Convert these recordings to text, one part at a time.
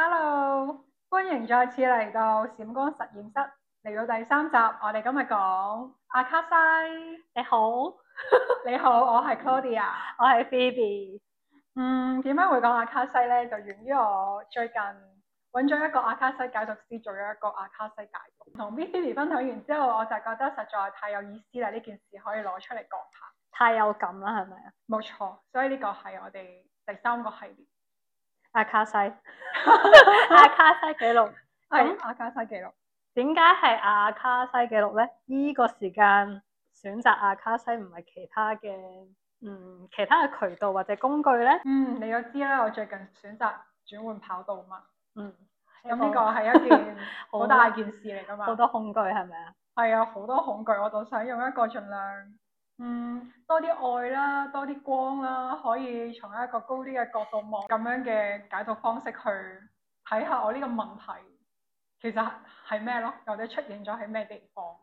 Hello，歡迎再次嚟到閃光實驗室，嚟到第三集，我哋今日講阿卡西。你好， 你好，我係 Claudia，我係 Phoebe。嗯，點解會講阿卡西咧？就源於我最近揾咗一個阿卡西解讀師，做咗一個阿卡西解讀，同 Phoebe 分享完之後，我就覺得實在太有意思啦！呢件事可以攞出嚟講下，太有感啦，係咪啊？冇錯，所以呢個係我哋第三個系列。阿、啊、卡西，阿、 啊、卡西記錄，係阿 那、啊、卡西記錄，點解係阿卡西記錄咧？呢、這個時間選擇阿、啊、卡西唔係其他嘅，嗯，其他嘅渠道或者工具咧。嗯，你都知啦，我最近選擇轉換跑道嘛。嗯，咁呢、嗯、個係一件好大件事嚟噶嘛。 好、啊、吧多恐懼係咪啊？係啊，好多恐懼，我就想用一個盡量。嗯，多啲愛啦，多啲光啦，可以從一個高啲嘅角度望，咁樣嘅解讀方式去睇下我呢個問題其實係咩咯，或者出現咗喺咩地方？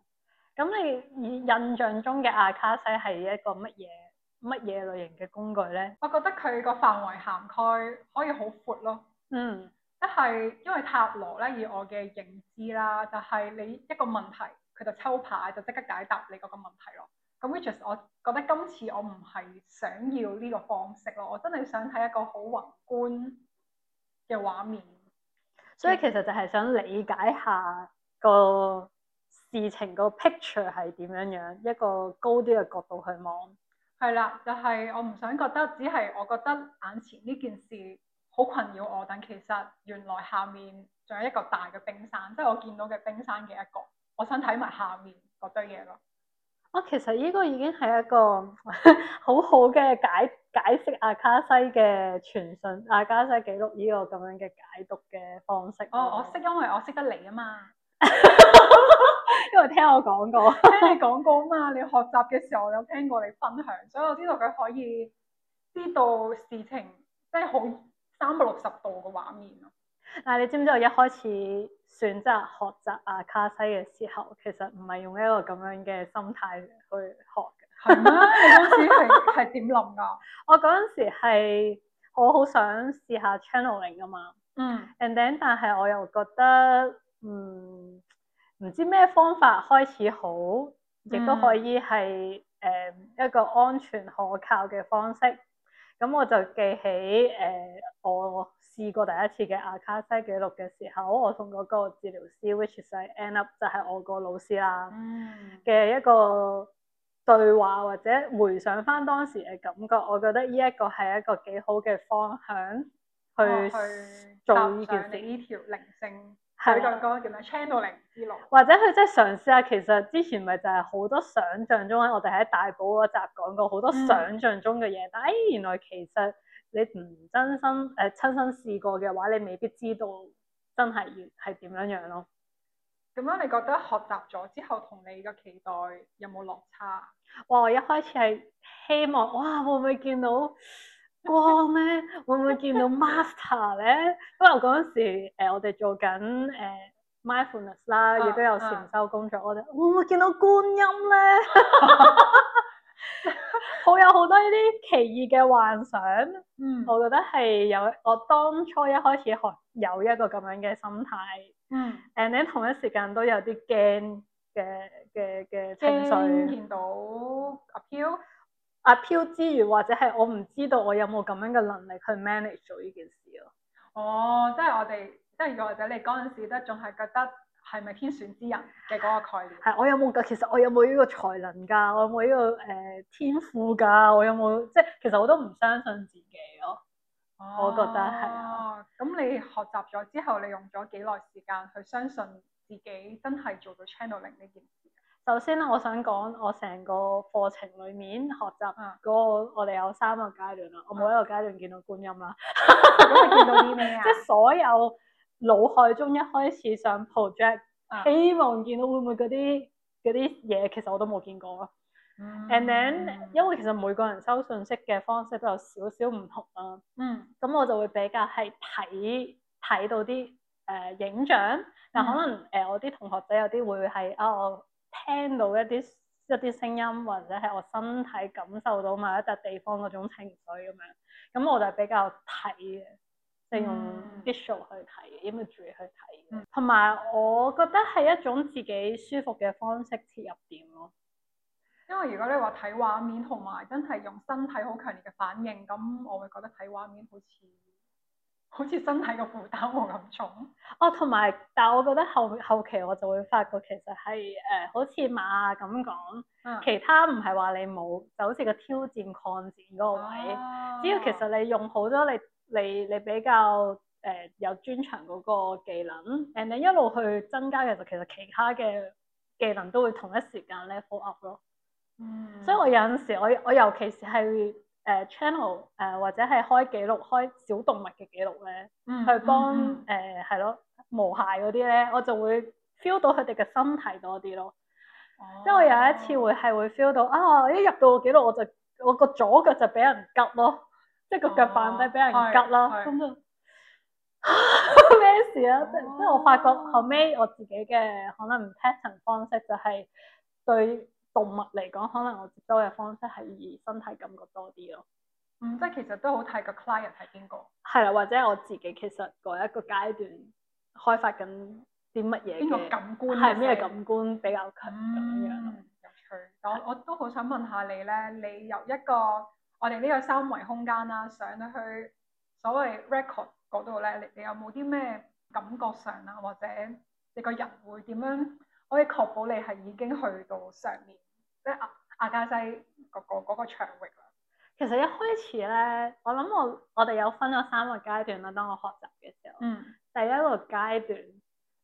咁你以印象中嘅阿卡西係一個乜嘢乜嘢類型嘅工具咧？我覺得佢個範圍涵蓋可以好闊咯。嗯，即係因為塔羅咧，以我嘅認知啦，就係、是、你一個問題，佢就抽牌就即刻解答你嗰個問題咯。咁 which is 我覺得今次我唔係想要呢個方式咯，我真係想睇一個好宏觀嘅畫面，所以其實就係想理解下個事情個 picture 係點樣樣，一個高啲嘅角度去望。係啦，就係我唔想覺得只係我覺得眼前呢件事好困擾我，但其實原來下面仲有一個大嘅冰山，即係我見到嘅冰山嘅一個，我想睇埋下面嗰堆嘢咯。我、哦、其實呢個已經係一個 好好嘅解解釋阿卡西嘅傳訊，阿卡西記錄呢個咁樣嘅解讀嘅方式。哦，我識，因為我識得你啊嘛， 因為聽我講過， 聽你講過啊嘛，你學習嘅時候有聽過你分享，所以我知道佢可以知道事情即係好三百六十度嘅畫面。啊！你知唔知我一開始選擇學習阿卡西嘅時候，其實唔係用一個咁樣嘅心態去學嘅。 你嗰陣時係點諗㗎？我嗰陣時係我好想試下 channeling 㗎嘛。嗯。And then 但係我又覺得，嗯，唔知咩方法開始好，亦都可以係誒、嗯嗯、一個安全可靠嘅方式。咁我就記起誒、呃，我試過第一次嘅阿卡西記錄嘅時候，我同嗰個治療師 ，which is I end up，就係我個老師啦嘅、嗯、一個對話，或者回想翻當時嘅感覺，我覺得呢一個係一個幾好嘅方向去做呢件事。呢睇、啊、個歌叫咩？channel 零之六，或者佢真係嘗試下。其實之前咪就係好多想像中，我哋喺大埔嗰集講過好多想像中嘅嘢，嗯、但係原來其實你唔真心誒、呃、親身試過嘅話，你未必知道真係係係點樣樣咯。咁樣你覺得學習咗之後，同你嘅期待有冇落差？哇！我一開始係希望，哇會唔會見到？ 光咧會唔會見到 master 咧？因為嗰陣時、呃、我哋做緊誒、呃、mindfulness 啦，亦、啊、都有禪修工作，啊、我哋會唔會見到觀音咧？好 有好多呢啲奇異嘅幻想，嗯，我覺得係有。我當初一開始學，有一個咁樣嘅心態，嗯，And then 同一時間都有啲驚嘅嘅嘅情緒，見到 appeal。 阿飄之餘，或者係我唔知道我有冇咁樣嘅能力去 manage 做呢件事咯。哦，即係我哋，即係又或者你嗰陣時都仲係覺得係咪天選之人嘅嗰個概念？係，我有冇㗎？其實我有冇呢個才能㗎？我有冇呢、呢個誒、呃、天賦㗎？我有冇即係其實我都唔相信自己咯。我，啊、我覺得係啊。咁你學習咗之後，你用咗幾耐時間去相信自己真係做到 channeling 呢件事？首先咧，我想講我成個課程裏面學習嗰個，嗯、我哋有三個階段啦。我每一個階段見到觀音啦，咁你、嗯、 見到啲咩啊？即係 所有腦海中一開始想 project，、嗯、希望見到會唔會嗰啲啲嘢，其實我都冇見過。嗯、And then，、嗯、因為其實每個人收信息嘅方式都有少少唔同啊。嗯。咁我就會比較係睇睇到啲誒、呃、影像，但可能誒、呃、我啲同學仔有啲會係哦。啊啊啊啊啊啊啊啊聽到一啲一啲聲音，或者係我身體感受到某一笪地方嗰種情緒咁樣，咁我就比較睇，即係用 visual 去睇，嘅，咁嘅注意去睇。同、hmm，埋我覺得係一種自己舒服嘅方式切入點咯。因為如果你話睇畫面同埋真係用身體好強烈嘅反應，咁我會覺得睇畫面好似。好似身體個負擔冇咁重，哦，同埋，但係我覺得後後期我就會發覺其實係誒、呃，好似馬咁講，嗯、其他唔係話你冇，就好似個挑戰擴展嗰個位，啊、只要其實你用好多你你你比較誒、呃、有專長嗰個技能 and 你一路去增加，其實其實其他嘅技能都會同一時間 level up 咯。嗯，所以我有陣時我我尤其是係。誒、uh, channel 誒或者係開記錄開小動物嘅記錄咧，去幫誒係咯無害嗰啲咧，我就會 feel 到佢哋嘅身體多啲咯。即係我有一次會係會 feel 到啊，一入到個記錄我就我個左腳就俾人拮咯，即係個腳板底俾人拮啦。咁就咩事啊？即即我發覺後尾我自己嘅可能唔 pattern 聽從方式就係對。動物嚟講，可能我接收嘅方式係以身體感覺多啲咯。嗯，即係其實都好睇個 client 係邊個。係啦，或者我自己其實嗰一個階段開發緊啲乜嘢呢個感官，係咩感官比較強咁樣？有、嗯、趣，我我都好想問下你咧，你由一個我哋呢個三維空間啦、啊，上去所謂 record 嗰度咧，你你有冇啲咩感覺上啊？或者你個人會點樣？可以確保你係已經去到上面。即係阿阿卡西嗰個嗰個場域啦。其實一開始咧，我諗我我哋有分咗三個階段啦。當我學習嘅時候，嗯，第一個階段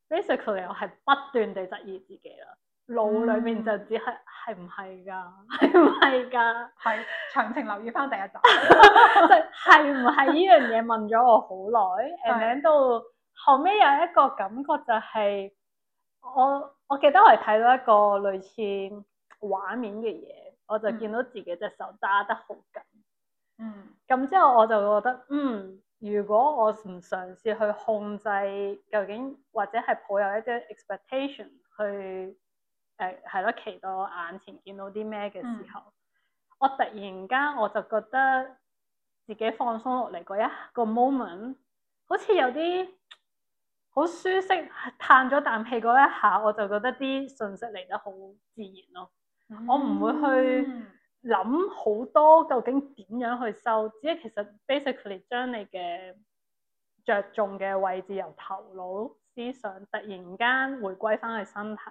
，basically 我係不斷地質疑自己啦。腦裏面就只係係唔係㗎，係唔係㗎？係詳情留意翻第一集，即係係唔係呢樣嘢問咗我好耐，誒， 到後尾有一個感覺就係、是、我我記得我係睇到一個類似畫面嘅嘢，我就見到自己隻手揸得好緊，嗯，咁之後我就覺得，嗯，如果我唔嘗試去控制究竟或者係抱有一啲 expectation 去，誒係咯，期待我眼前見到啲咩嘅時候，嗯、我突然間我就覺得自己放鬆落嚟嗰一個 moment，好似有啲好舒適，嘆咗啖氣嗰一下，我就覺得啲信息嚟得好自然咯。我唔會去諗好多究竟點樣去收，只係其實 basically 將你嘅着重嘅位置由頭腦思想突然間回歸翻去身體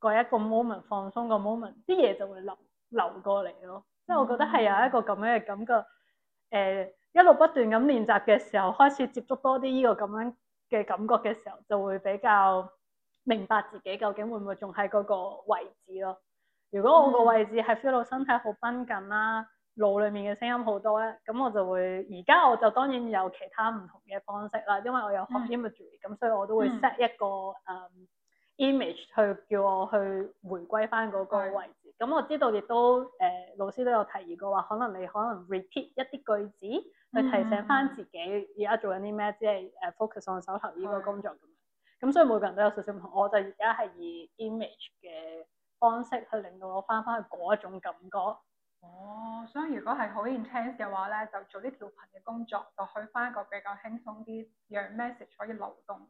嗰一個 moment 放鬆個 moment，啲嘢就會流流過嚟咯。即係我覺得係有一個咁樣嘅感覺，誒、嗯呃、一路不斷咁練習嘅時候，開始接觸多啲呢個咁樣嘅感覺嘅時候，就會比較明白自己究竟會唔會仲喺嗰個位置咯。如果我個位置係 feel 到身體好繃緊啦，腦裡面嘅聲音好多咧，咁我就會而家我就當然有其他唔同嘅方式啦，因為我有學 imagery 咁，嗯、所以我都會 set 一個誒、um, image 去叫我去回歸翻嗰個位置。咁對我知道亦都誒、呃、老師都有提議過話，可能你可能 repeat 一啲句子去提醒翻自己而家做緊啲咩，即係誒、嗯、focus on 手頭呢個工作咁對樣。咁所以每個人都有少少唔同，我就而家係以 image 嘅。方式去令到我翻翻去嗰一種感覺。哦，所以如果係好 intense 嘅話咧，就做啲調頻嘅工作，就去翻個比較輕鬆啲讓 message 可以流動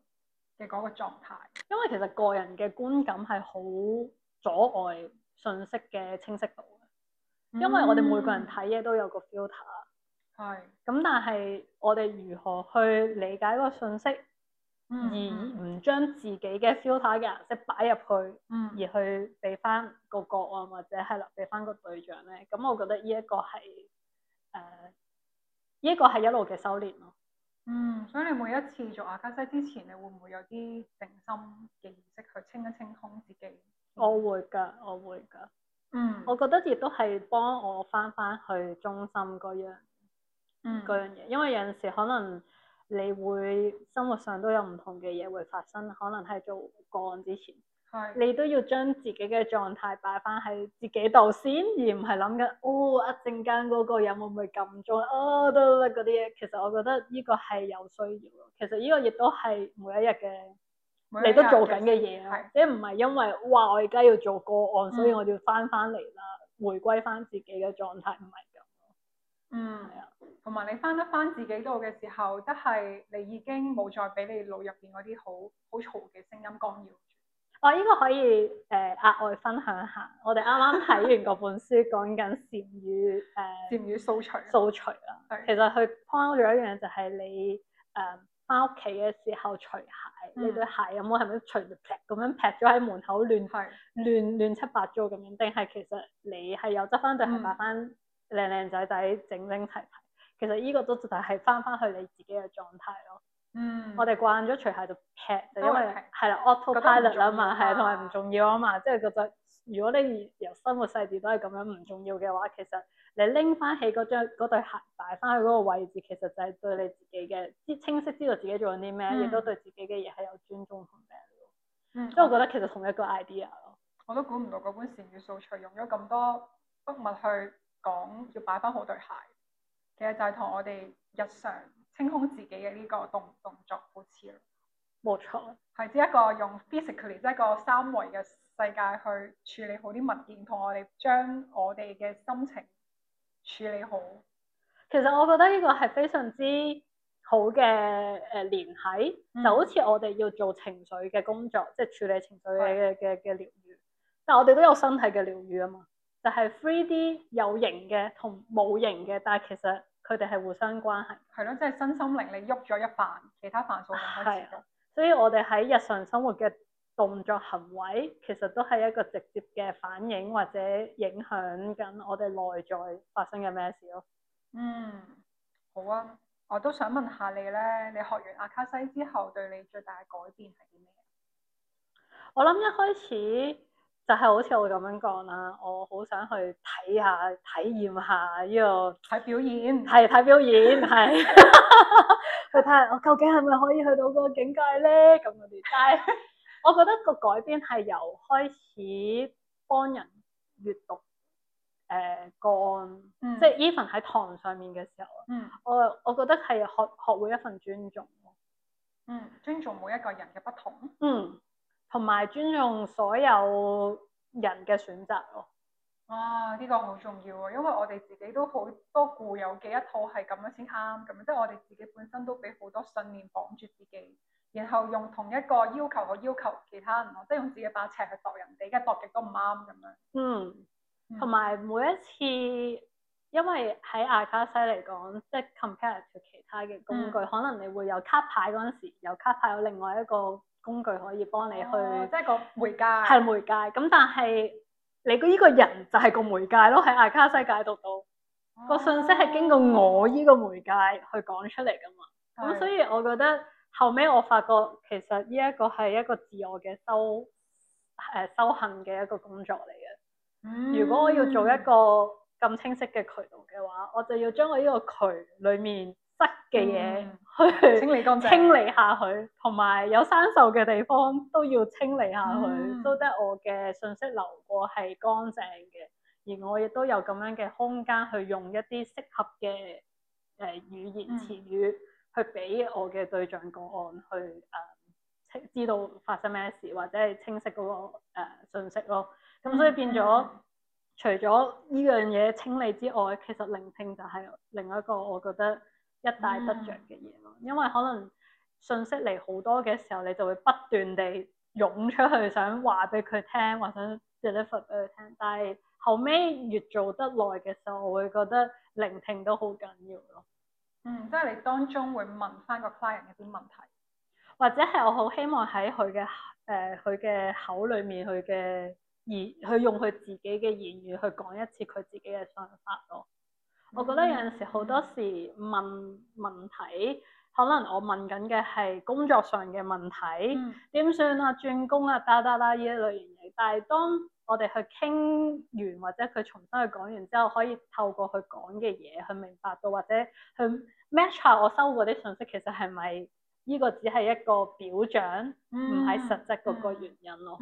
嘅嗰個狀態。因為其實個人嘅觀感係好阻礙信息嘅清晰度。嗯、因為我哋每個人睇嘢都有個 filter 是。係。咁但係我哋如何去理解嗰個信息？嗯、而唔將自己嘅 filter 嘅顏色擺入去，嗯、而去俾翻個個案或者係啦俾翻個對象咧，咁我覺得呢一個係誒依一個係一路嘅修煉咯。嗯，所以你每一次做阿卡西之前，你會唔會有啲靜心嘅意識去清一清空自己？我會噶，我會噶。嗯，我覺得亦都係幫我翻翻去中心嗰樣，嗰、嗯、樣嘢，因為有陣時可能。你會生活上都有唔同嘅嘢會發生，可能係做個案之前，係，你都要將自己嘅狀態擺翻喺自己度先，而唔係諗緊，哦，一陣間嗰個人會唔會咁做啊？哦，得得得嗰啲嘢，其實我覺得呢個係有需要咯。其實呢個亦都係每一日嘅，你都做緊嘅嘢，即唔係因為哇，我而家要做個案，嗯、所以我就要翻翻嚟啦，回歸翻自己嘅狀態唔係。嗯，係啊，同埋你翻得翻自己度嘅時候，即係你已經冇再俾你腦入邊嗰啲好好嘈嘅聲音干擾住。我應該可以誒額、呃、外分享下，我哋啱啱睇完嗰 本書，講、呃、緊善語誒善語掃除掃除啊。對其實佢強咗一樣就係你誒翻屋企嘅時候除鞋，嗯、你對鞋有冇係咪除劈咁樣劈咗喺門口亂去，亂亂對對七八糟咁樣？定係其實你係有執翻對白翻？嗯嗯靚靚仔仔整整齊齊，其實呢個都就係翻翻去你自己嘅狀態咯。嗯。我哋慣咗除鞋就劈，就因為係啦，auto pilot 啊嘛，係同埋唔重要啊嘛，嗯、嘛。即係覺得，如果你由生活細節都係咁樣唔重要嘅話，其實你拎翻起嗰張對鞋擺翻去嗰個位置，其實就係對你自己嘅知清晰知道自己做緊啲咩，亦、嗯、都對自己嘅嘢係有尊重同咩即嗯。我覺得其實同一個 idea 咯。我都估唔到嗰本《善與素材》用咗咁多筆墨去。講要擺翻好對鞋，其實就係同我哋日常清空自己嘅呢個動動作好似咯，冇錯錯，係只一個用 physically 即係一個三維嘅世界去處理好啲物件，同我哋將我哋嘅心情處理好。其實我覺得呢個係非常之好嘅誒聯繫，嗯、就好似我哋要做情緒嘅工作，即、就、係、是、處理情緒嘅嘅嘅療愈，但係我哋都有身體嘅療愈啊嘛。就係 three D 有形嘅同冇形嘅，但係其實佢哋係互相關係。係咯，即係身心靈你喐咗一瓣，其他瓣數開始。係，所以我哋喺日常生活嘅動作行為，其實都係一個直接嘅反映或者影響緊我哋內在發生嘅咩事咯。嗯，好啊，我都想問下你咧，你學完阿卡西之後，對你最大嘅改變係咩？我諗一開始。就係好似我咁樣講啦，我好想去睇下、體驗下呢、這個睇表演，係睇表演，係 是 去睇下我究竟係咪可以去到個境界咧？咁嗰啲，但係我覺得個改變係由開始幫人閱讀，誒、呃、個案、嗯、即係 even 喺堂上面嘅時候，嗯、我我覺得係學學會一份尊重，嗯，尊重每一個人嘅不同，嗯。同埋尊重所有人嘅選擇咯。哇、啊！呢、這個好重要啊！因為我哋自己都好多固有嘅一套係咁樣先啱咁樣，即、就、係、是、我哋自己本身都俾好多信念綁住自己，然後用同一個要求去要求其他人咯，即係用自己把尺去度人哋，而度極都唔啱咁樣。嗯。同埋、嗯、每一次，因為喺阿卡西嚟講，即係 compare to 其他嘅工具，嗯、可能你會有卡牌嗰陣時，有卡牌有另外一個。工具可以幫你去，哦、即係個媒介，係媒介。咁但係你依個人就係個媒介咯，喺阿卡西解讀到、哦、個信息係經過我依個媒介去講出嚟噶嘛。咁是所以我覺得後尾我發覺其實呢一個係一個自我嘅修誒、呃、修行嘅一個工作嚟嘅。嗯、如果我要做一個咁清晰嘅渠道嘅話，我就要將我呢個渠裏面。得嘅嘢去清理乾淨，清理下佢，同埋有生鏽嘅地方都要清理下佢，嗯、都得我嘅信息流過係乾淨嘅，而我亦都有咁樣嘅空間去用一啲適合嘅誒語言詞語、嗯、去俾我嘅對象個案去誒，uh, 知道發生咩事或者係清晰嗰、那個誒、uh, 信息咯。咁所以變咗，嗯嗯、除咗呢樣嘢清理之外，嗯、其實聆聽就係另一個我覺得。一大得着嘅嘢咯，嗯、因為可能信息嚟好多嘅時候，你就會不斷地湧出去想話俾佢聽，或者想 deliver 俾佢聽。但係後尾越做得耐嘅時候，我會覺得聆聽都好緊要咯。嗯，即、就、係、是、你當中會問翻個 client 一啲問題，或者係我好希望喺佢嘅誒佢嘅口裡面，佢嘅言佢用佢自己嘅言語去講一次佢自己嘅想法咯。我覺得有陣時好多時問問題，可能我問緊嘅係工作上嘅問題，點、嗯、算啊、轉工啊、得得啦呢一類型嘢。但係當我哋去傾完或者佢重新去講完之後，可以透過佢講嘅嘢去明白到，或者去 match 下我收嗰啲信息，其實係咪呢個只係一個表象，唔係實質嗰個原因咯。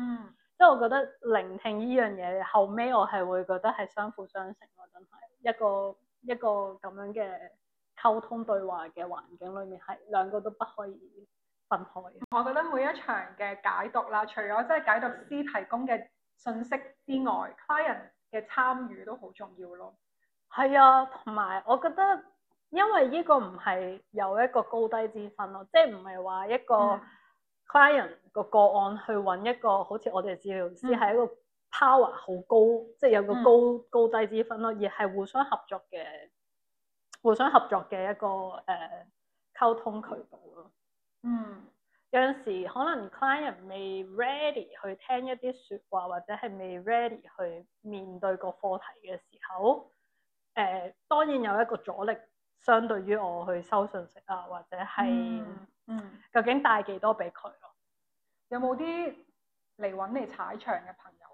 即係、嗯嗯、我覺得聆聽呢樣嘢後尾我係會覺得係相輔相成咯，真係一個。一個咁樣嘅溝通對話嘅環境裏面，係兩個都不可以分開嘅。我覺得每一場嘅解讀啦，除咗即係解讀師提供嘅信息之外，嗯、，client 嘅參與都好重要咯。係啊，同埋我覺得，因為呢個唔係有一個高低之分咯，即係唔係話一個 client 個個案去揾一個好似我哋嘅治療師，係一個。嗯 power 好高，即係有個高、嗯、高低之分咯，而係互相合作嘅，互相合作嘅一個誒溝、呃、通渠道咯。嗯，有陣時可能 client 未 ready 去聽一啲說話或者係未 ready 去面對個課題嘅時候，誒、呃、當然有一個阻力，相對於我去收信息啊，或者係嗯，嗯究竟帶幾多俾佢咯？有冇啲嚟揾你踩場嘅朋友？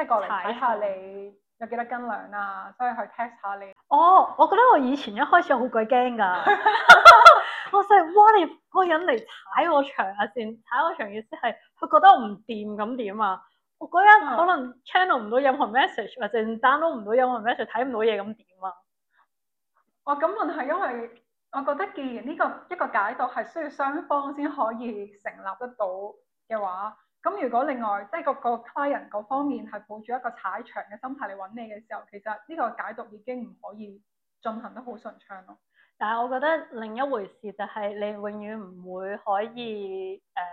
即係過嚟睇下你有幾多斤兩啊，所以去 test 下你。哦，我覺得我以前一開始好鬼驚㗎， 我成哇你嗰個人嚟踩我場啊，先踩我場意思係佢覺得我唔掂咁點啊？我嗰日可能 channel 唔到任何 message，或者 download 唔到任何 message，睇唔到嘢咁點啊？我咁、哦、問係因為我覺得既然呢、呢個一、呢個解讀係需要雙方先可以成立得到嘅話。咁如果另外，即係個個 client 嗰方面係抱住一個踩場嘅心態嚟揾你嘅時候，其實呢個解讀已經唔可以進行得好順暢咯。但係我覺得另一回事就係你永遠唔會可以誒、呃、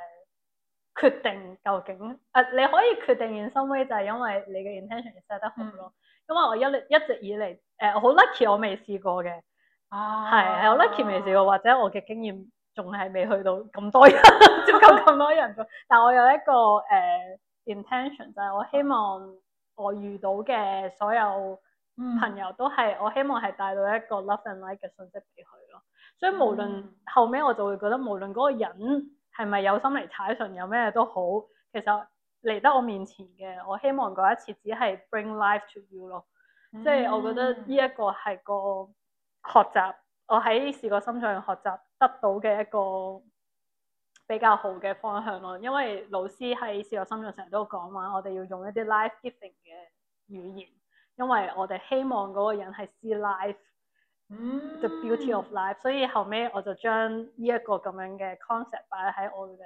決定究竟，誒、呃、你可以決定驗心威，就係因為你嘅 intention set 得好咯、嗯。因為我一一直以嚟誒好 lucky，我未試過嘅。啊，係係是，我 lucky 未試過，啊、或者我嘅經驗。仲係未去到咁多人，接夠咁多人嘅。但我有一個誒、uh, intention，就係我希望我遇到嘅所有朋友都係，嗯、我希望係帶到一個 love and light 嘅信息俾佢咯。所以無論、嗯、後尾我就會覺得無論嗰個人係咪有心嚟踩純，有咩都好，其實嚟得我面前嘅，我希望嗰一次只係 bring life to you 咯、嗯。即係我覺得呢一個係個學習，我喺試個心上學習。得到嘅一個比較好嘅方向咯，因為老師喺小學生語成日都講話，我哋要用一啲 life giving 嘅語言，因為我哋希望嗰個人係 see life，the beauty of life，所以後尾我就將呢一個咁樣嘅 concept 擺喺我嘅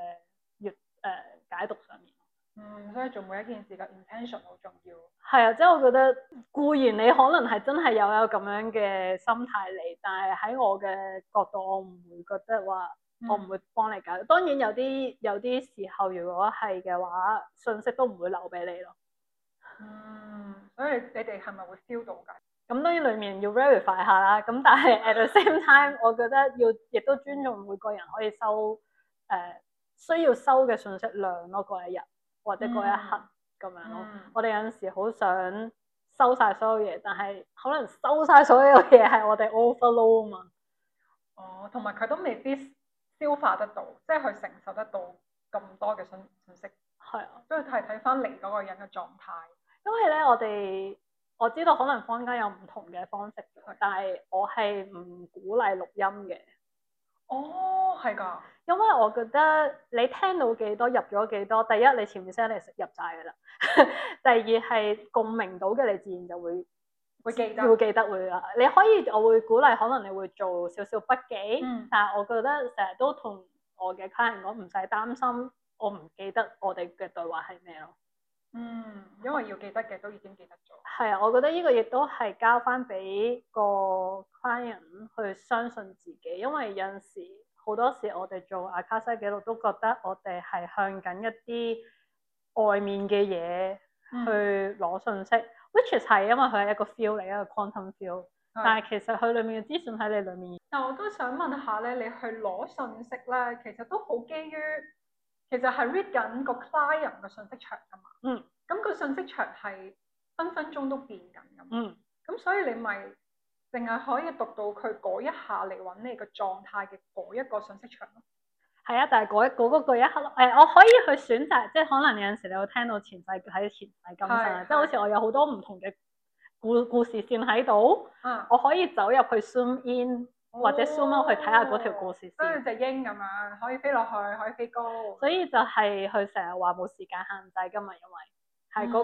閱誒解讀上面。嗯，所以做每一件事嘅 intention 好重要。係啊，即係我覺得固然你可能係真係有有咁樣嘅心態嚟，但係喺我嘅角度，我唔會覺得話我唔會幫你解。當然有啲有啲時候，如果係嘅話，信息都唔會留俾你咯。嗯，所以，你哋係咪會收到噶？咁當然裏面要 verify 下啦。咁但係 at the same time，我覺得要亦都尊重每個人可以收誒需要收嘅信息量咯，嗰一日。或者嗰一刻咁，嗯、樣咯，嗯、我哋有陣時好想收晒所有嘢，但係可能收晒所有嘢係我哋 overload 啊嘛。哦，同埋佢都未必消化得到，即係佢承受得到咁多嘅新信息，係啊的，都要睇睇翻嚟嗰個人嘅狀態。因為咧，我哋我知道可能坊間有唔同嘅方式，的但係我係唔鼓勵錄音嘅。哦，係噶，因為我覺得你聽到幾多入咗幾多，第一，你前面聲你入晒噶啦， 第二係共鳴到嘅你自然就會會記得會記得會啦。你可以我會鼓勵，可能你會做少少筆記，嗯、但係我覺得成日、呃、都同我嘅客人講唔使擔心，我唔記得我哋嘅對話係咩咯。嗯，因為要記得嘅都已經記得咗。係啊，我覺得呢個亦都係交翻俾個 client 去相信自己，因為有陣時好多時我哋做阿卡西記錄，都覺得我哋係向緊一啲外面嘅嘢去攞信息，嗯，which is 係因為佢係一個 field 嚟，一個 quantum field，係，但係其實佢裏面嘅資訊喺你裏面。但我都想問下咧，你去攞信息咧，其實都好基於。其實係 read 緊個 client 嘅信息場㗎嘛，咁、嗯、個信息場係分分鐘都變緊咁，咁、嗯、所以你咪淨係可以讀到佢嗰一下嚟揾你個狀態嘅嗰一個信息場咯。係啊，但係嗰一嗰一刻，誒、那個哎、我可以去選擇，即係可能有陣時你會聽到前世喺前世今生，即係是好似我有好多唔同嘅故故事線喺度，啊、我可以走入去 zoom in。或者 zoom out 去睇下嗰條故事先，跟住隻鷹咁樣可以飛落去，可以飛高。所以就係佢成日話冇時間限制噶嘛，因為係嗰、嗰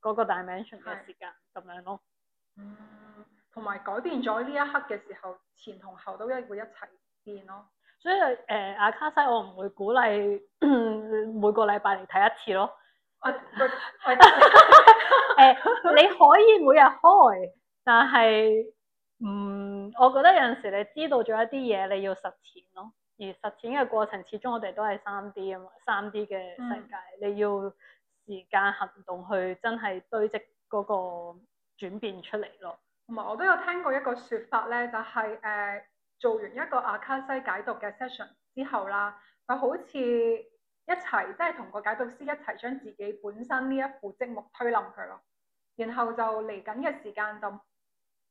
個嗰、嗯、個 dimension 嘅時間咁是樣咯。嗯，同埋改變咗呢一刻嘅時候，前同後都一會一齊變咯。所以誒，阿、呃、卡西我唔會鼓勵 每個禮拜嚟睇一次咯。誒，你可以每日開，但係唔。嗯我覺得有陣時你知道咗一啲嘢，你要實踐咯。而實踐嘅過程，始終我哋都係三 D 啊嘛，三 D 嘅世界，嗯、你要時間行動去真係堆積嗰個轉變出嚟咯。同埋、嗯、我都有聽過一個説法咧，就係、是、誒、呃、做完一個阿卡西解讀嘅 session 之後啦，佢好似一齊即係同個解讀師一齊將自己本身呢一副積木推冧佢咯，然後就嚟緊嘅時間就～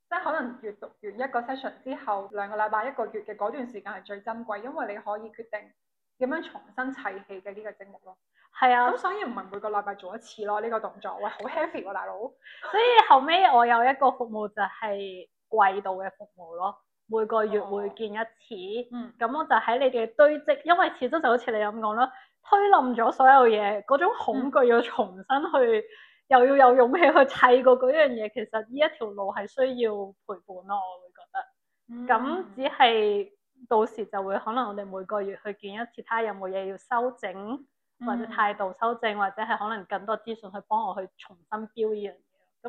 即係可能閱讀完一個 session 之後，兩個禮拜一個月嘅嗰段時間係最珍貴，因為你可以決定點樣重新砌起嘅呢個積木咯。係啊，咁所以唔係每個禮拜做一次咯呢、這個動作，喂好 heavy 喎、啊、大佬。所以後尾我有一個服務就係季度嘅服務咯，每個月會見一次。嗯、哦，咁我就喺你哋堆積，因為始終就好似你咁講啦，推冧咗所有嘢，嗰種恐懼要重新去、嗯。又要有勇氣去砌過嗰樣嘢，其實呢一條路係需要陪伴咯，我會覺得。咁、嗯、只係到時就會可能我哋每個月去見一次，睇下有冇嘢要修整，嗯、或者態度修正，或者係可能更多資訊去幫我去重新標呢樣嘢。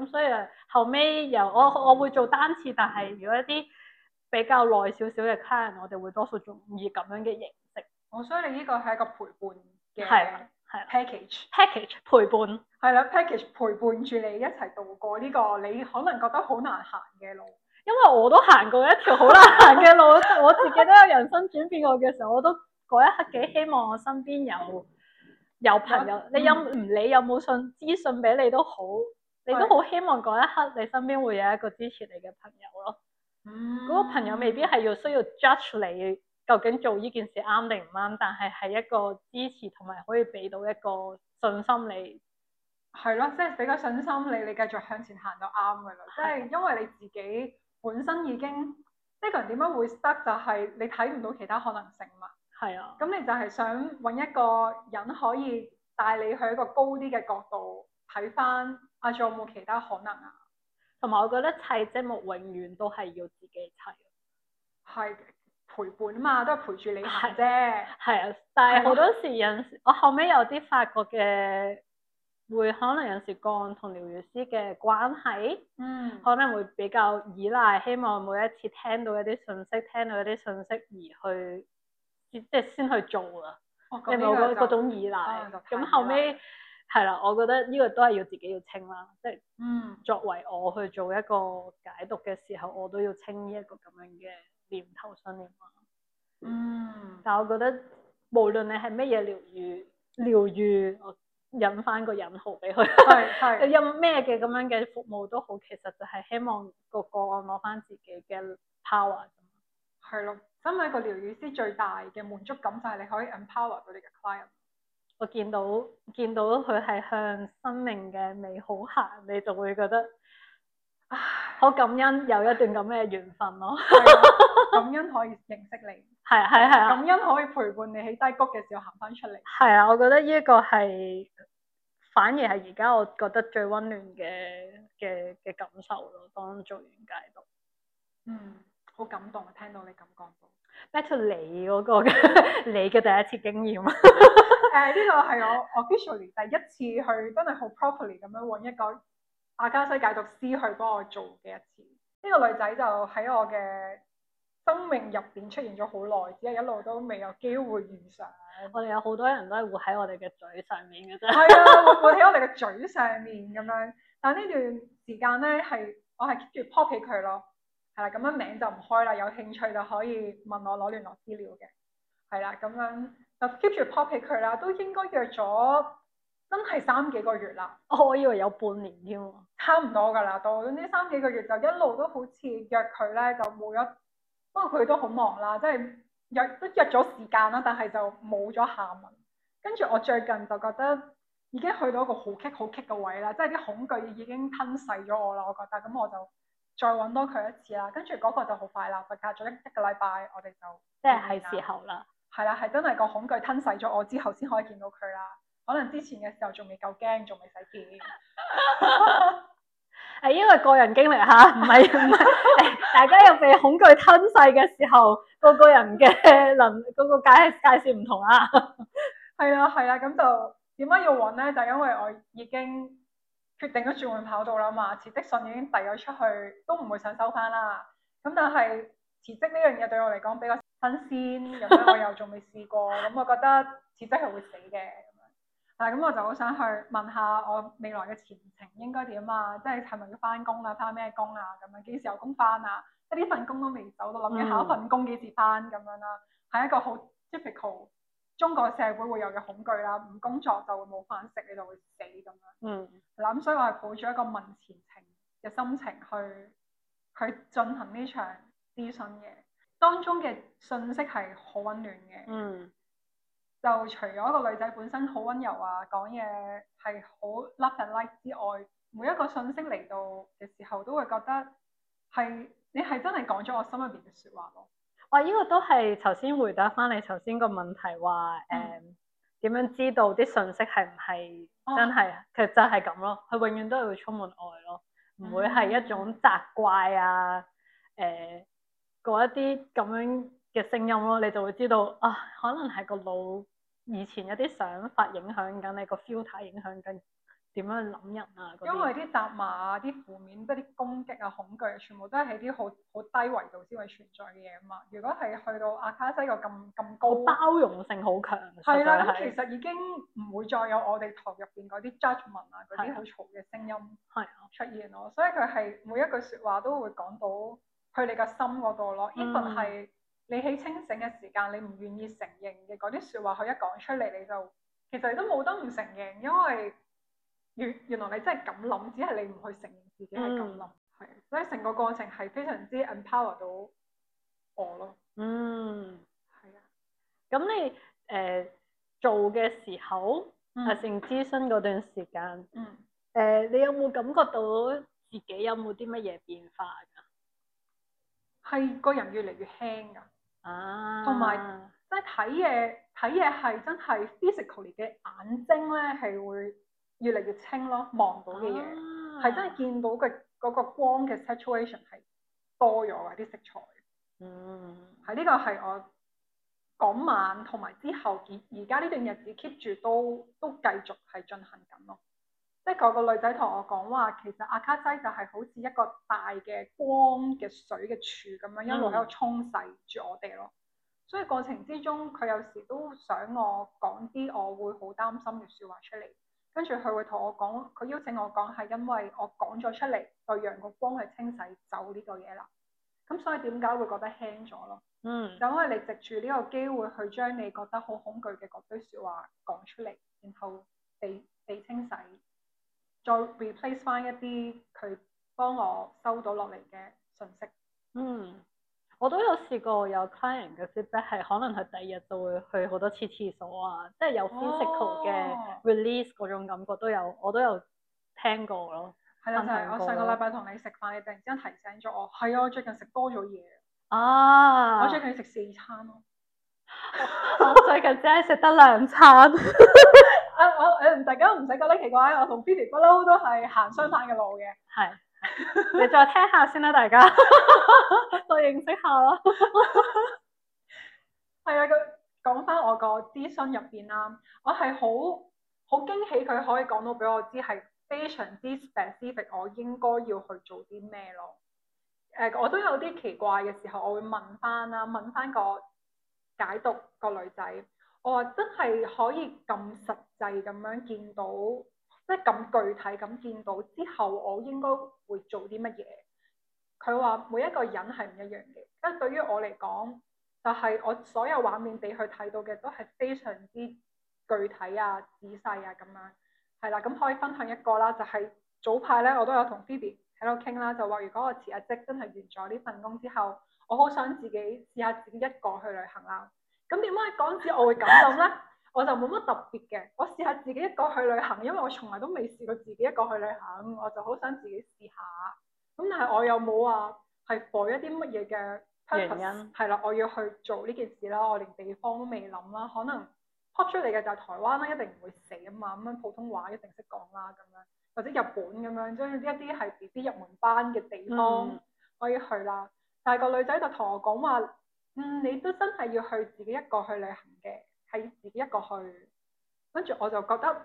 咁所以啊，後尾由我我會做單次，嗯、但係如果一啲比較耐少少嘅 client 我哋會多數中意咁樣嘅形式。我所以你呢個係一個陪伴嘅。係。package package package 陪伴係啦，package 陪伴住你一齊渡過呢個你可能覺得好難行嘅路，因為我都行過一條好難行嘅路， 我自己都有人生轉變過嘅時候，我都嗰一刻幾希望我身邊有有朋友，有你有唔理，嗯、有冇信資訊俾你都好，的你都好希望嗰一刻你身邊會有一個支持你嘅朋友咯。嗰、嗯、個朋友未必係要需要 judge 你。究竟做呢件事啱定唔啱？但係係一個支持同埋可以俾到一個信心，就是、你，係咯，即係俾個信心你，你繼續向前行的就啱噶啦。即係因為你自己本身已經，呢個人點樣會 stuck，就係你睇唔到其他可能性嘛。係啊的。咁你就係想揾一個人可以帶你去一個高啲嘅角度睇翻，啊仲有冇其他可能啊？同埋我覺得砌積木永遠都係要自己砌。係。陪伴啊嘛，都係陪住你行啫。係啊，但係好多時有時， 我後尾有啲發覺嘅，會可能有時個案同療愈師嘅關係，嗯，可能會比較依賴，希望每一次聽到一啲信息，聽到一啲信息而去，即係先去做啊。你有冇嗰嗰種依賴？咁、啊、後尾，係啦、啊，我覺得呢個都係要自己要清啦。即係、嗯、作為我去做一個解讀嘅時候，我都要清呢一個咁樣嘅。念頭信念嘛，嗯，但係我覺得無論你係乜嘢療愈，療愈、嗯、我引翻個引號俾佢，係係，有咩嘅咁樣嘅服務都好，其實就係希望個個案攞翻自己嘅 power，係咯，咁啊個療愈師最大嘅滿足感就係你可以 empower 到你嘅 client，我見到見到佢係向生命嘅美好行，你就會覺得。好感恩有一段咁嘅緣分咯， 感恩可以認識你，係係係， 感恩可以陪伴你喺低谷嘅時候行翻出嚟。係啊，我覺得呢一個係反而係而家我覺得最溫暖嘅嘅嘅感受咯。當做完解讀，嗯，好感動啊！聽到你咁講到，Back to you、那個、 你嗰個嘅你嘅第一次經驗啊，誒 呢、uh, 個係我我 officially 第一次去，真係好 properly 咁樣揾一個。阿卡西解讀師去幫我做嘅一次，呢個女仔就喺我嘅生命入面出現咗好耐，只係一路都未有機會遇上。我哋有好多人都係活喺我哋嘅嘴上面嘅啫。係 啊，活喺我哋嘅嘴上面咁樣。但呢段時間咧，係我係 keep 住 pop 起佢咯。係啦，咁樣名就唔開啦。有興趣就可以問我攞聯絡資料嘅。係啦，咁樣就 keep 住 pop 起佢啦。都應該約咗。真係三幾個月啦，我、oh, 我以為有半年添，差唔多噶啦，到呢三幾個月就一路都好似約佢咧，就冇一，不過佢都好忙啦，即係約都約咗時間啦，但係就冇咗下文。跟住我最近就覺得已經去到一個好棘好棘嘅位啦，即係啲恐懼已經吞噬咗我啦，我覺得咁我就再搵多佢一次啦。跟住嗰個就好快啦，就隔咗一一個禮拜，我哋就即係係時候啦，係啦，係真係個恐懼吞噬咗我之後先可以見到佢啦。可能之前嘅時候仲未夠驚，仲未使見。誒， 因為個人經歷吓，唔係唔係，大家又被恐懼吞噬嘅時候，個個人嘅能，嗰個界界線唔同 啊。係啊，係啊，咁就點解要揾咧？就因為我已經決定咗轉換跑道啦嘛，辭職信已經遞咗出去，都唔會想收翻啦。咁但係辭職呢樣嘢對我嚟講比較新鮮，咁我又仲未試過，咁 我覺得辭職係會死嘅。嗱，咁我就好想去問下我未來嘅前程應該點啊？即係係咪要翻工啊，翻咩工啊？咁樣幾時有工翻啊？即係呢份工都未走到，諗住下、嗯、下一份工幾時翻咁、啊、樣啦？係一個好 typical 中國社會會有嘅恐懼啦。唔工作就會冇飯食，你就會死咁樣。嗯。嗱，咁所以我係抱住一個問前程嘅心情去去進行呢場諮詢嘅，當中嘅訊息係好温暖嘅。嗯。就除咗個女仔本身好温柔啊，講嘢係好 love and like 之外，每一個信息嚟到嘅時候都會覺得係你係真係講咗我心裏邊嘅説話咯。哇！呢、這個都係頭先回答翻你頭先個問題話，誒點樣知道啲信息係唔係真係，其實、哦、就係咁咯？佢永遠都係會充滿愛咯，唔、嗯、會係一種責怪啊，誒一啲咁樣。嘅聲音咯，你就會知道啊，可能係個腦以前有啲想法影響緊，你個 filter 影響緊點樣去諗人啊。因為啲雜碼啊，啲負面，啲攻擊啊、恐懼啊，全部都係喺啲好好低維度先會存在嘅嘢啊嘛。如果係去到阿卡西個咁咁高，包容性好強。係啦，咁其實已經唔會再有我哋台入邊嗰啲 judgement 啊，嗰啲好嘈嘅聲音出現咯。所以佢係每一句説話都會講到去你嘅心嗰度咯，even 係。你喺清醒嘅時間，你唔願意承認嘅嗰啲説話說，佢一講出嚟你就，其實你都冇得唔承認，因為原原來你真係咁諗，只係你唔去承認自己係咁諗。係、嗯，所以成個過程係非常之 empower 到我咯。嗯的，係啊。咁你誒做嘅時候，阿卡西、嗯、諮詢嗰段時間，嗯、呃，誒你有冇感覺到自己有冇啲乜嘢變化㗎？係個人越嚟越輕㗎。啊，同埋即係睇嘢，睇嘢係真係 physically 嘅眼睛咧，係會越嚟越清咯，望到嘅嘢係真係見到嘅嗰個光嘅 situation 係多咗一啲色彩。嗯、mm.，係呢個係我嗰晚同埋之後，而而家呢段日子 keep 住都都繼續係進行緊咯。即係嗰個女仔同我講話，其實阿卡西就係好似一個大嘅光嘅水嘅柱咁樣，mm hmm. 一路喺度沖洗住我哋咯。所以過程之中，佢有時都想我講啲我會好擔心嘅説話出嚟，跟住佢會同我講，佢邀請我講係因為我講咗出嚟，就讓個光去清洗走呢個嘢啦。咁所以點解會覺得輕咗咯？嗯、mm，就、hmm. 係你藉住呢個機會去將你覺得好恐懼嘅嗰堆説話講出嚟，然後被被清洗。再 replace 翻一啲佢幫我收到落嚟嘅信息。嗯，我都有試過有 client 嘅 feedback 係，可能佢第二日就會去好多次廁所啊，即係有 physical 嘅 release 嗰種感覺都有，哦、我都有聽過咯。係啦係啦，我上個禮拜同你食飯，你突然之間提醒咗我，係啊，我最近食多咗嘢啊，我最近食四餐咯， 我最近真係食得兩餐。 啊，我誒，唔使唔使覺得奇怪。我同 Phoebe 不嬲都係行相反嘅路嘅。係，你再聽下先啦，大家，再認識下咯。係啊，佢講翻我個諮詢入邊啦，我係好好驚喜佢可以講到俾我知係非常之 specific，我應該要去做啲咩咯。誒，我都有啲奇怪嘅時候，我會問翻啦，問翻個解讀個女仔。我話真係可以咁實際咁樣見到，即係咁具體咁見到之後，我應該會做啲乜嘢？佢話每一個人都係唔一樣嘅，即係對於我嚟講，就係、是、我所有畫面俾佢睇到嘅都係非常之具體啊、仔細啊咁樣。係啦，咁可以分享一個啦，就係、是、早排咧，我都有同 Phoebe 喺度傾啦，就話如果我辭咗職，真係完咗呢份工之後，我好想自己試下自己一個去旅行啦。咁點解講起我會咁諗咧？我就冇乜特別嘅。我試下自己一個去旅行，因為我從來都未試過自己一個去旅行，我就好想自己試下。咁但係我又冇話係 for 一啲乜嘢嘅原因係啦，我要去做呢件事啦，我連地方都未諗啦。可能 pop 出嚟嘅就係台灣啦，一定唔會死啊嘛。咁樣普通話一定識講啦，咁樣或者日本咁樣，將呢一啲係自己入門班嘅地方可以、嗯、去啦。但係個女仔就同我講話。嗯，你都真係要去自己一個去旅行嘅，係自己一個去，跟住我就覺得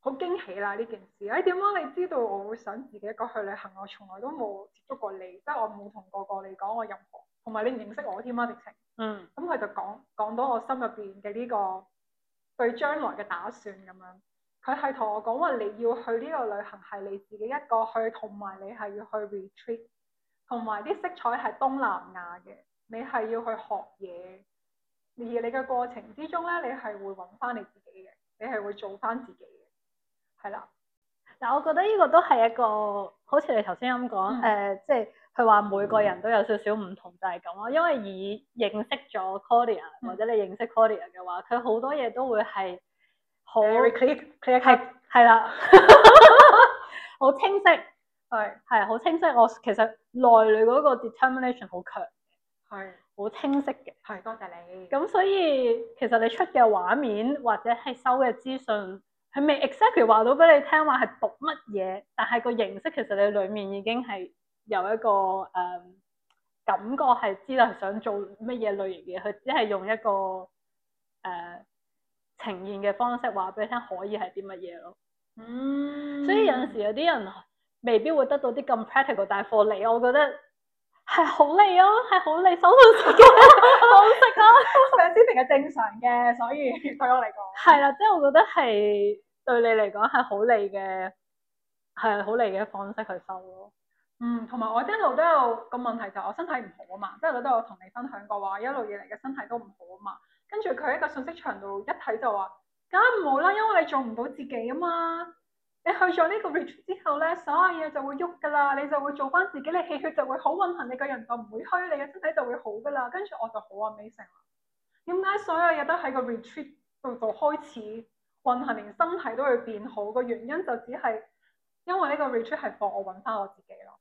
好驚喜啦呢件事。哎，點解你知道我會想自己一個去旅行？我從來都冇接觸過你，即係我冇同過個你講我任何，同埋你唔認識我添啊直情。嗯。咁佢就講講到我心入邊嘅呢個對將來嘅打算咁樣。佢係同我講話，你要去呢個旅行係你自己一個去，同埋你係要去 retreat，同埋啲色彩係東南亞嘅。你係要去學嘢，而你嘅過程之中咧，你係會揾翻你自己嘅，你係會做翻自己嘅，係啦。嗱，我覺得呢個都係一個，好似你頭先咁講，誒，即係佢話每個人都有少少唔同，就係咁咯。因為以認識咗 Claudia 或者你認識 Claudia 嘅話，佢好多嘢都會係好 clear，係係啦，好清晰，係係好清晰。我其實內裏嗰個 determination 好強。係好是清晰嘅，係多謝你。咁所以其實你出嘅畫面或者係收嘅資訊，佢未 exactly 話到俾你聽話係讀乜嘢，但係個形式其實你裏面已經係有一個誒、呃、感覺，係知道想做乜嘢類型嘅。佢只係用一個誒、呃、呈現嘅方式話俾你聽可以係啲乜嘢咯。嗯，所以有陣時有啲人未必會得到啲咁 practical，但係 for 你，我覺得。係好利咯，係好利收到自己，好食啊！收信息係正常嘅，所以對我嚟講係啦，即係、 就是、我覺得係對你嚟講係好利嘅，係好利嘅方式去收咯。嗯，同埋我一路都有個問題就係我身體唔好啊嘛，即係、嗯、我都有同你分享過話一路以嚟嘅身體都唔好啊嘛。跟住佢喺個信息場度一睇就話梗係唔好啦，因為你做唔到自己啊嘛。你去咗呢個 retreat 之後咧，所有嘢就會喐噶啦，你就會做翻自己，你氣血就會好運行，你個人就唔會虛，你嘅身體就會好噶啦。跟住我就好 amazing 啦。點解所有嘢都喺個 retreat 度就開始運行，連身體都會變好？個原因就只係因為呢個 retreat 係幫我揾翻我自己咯。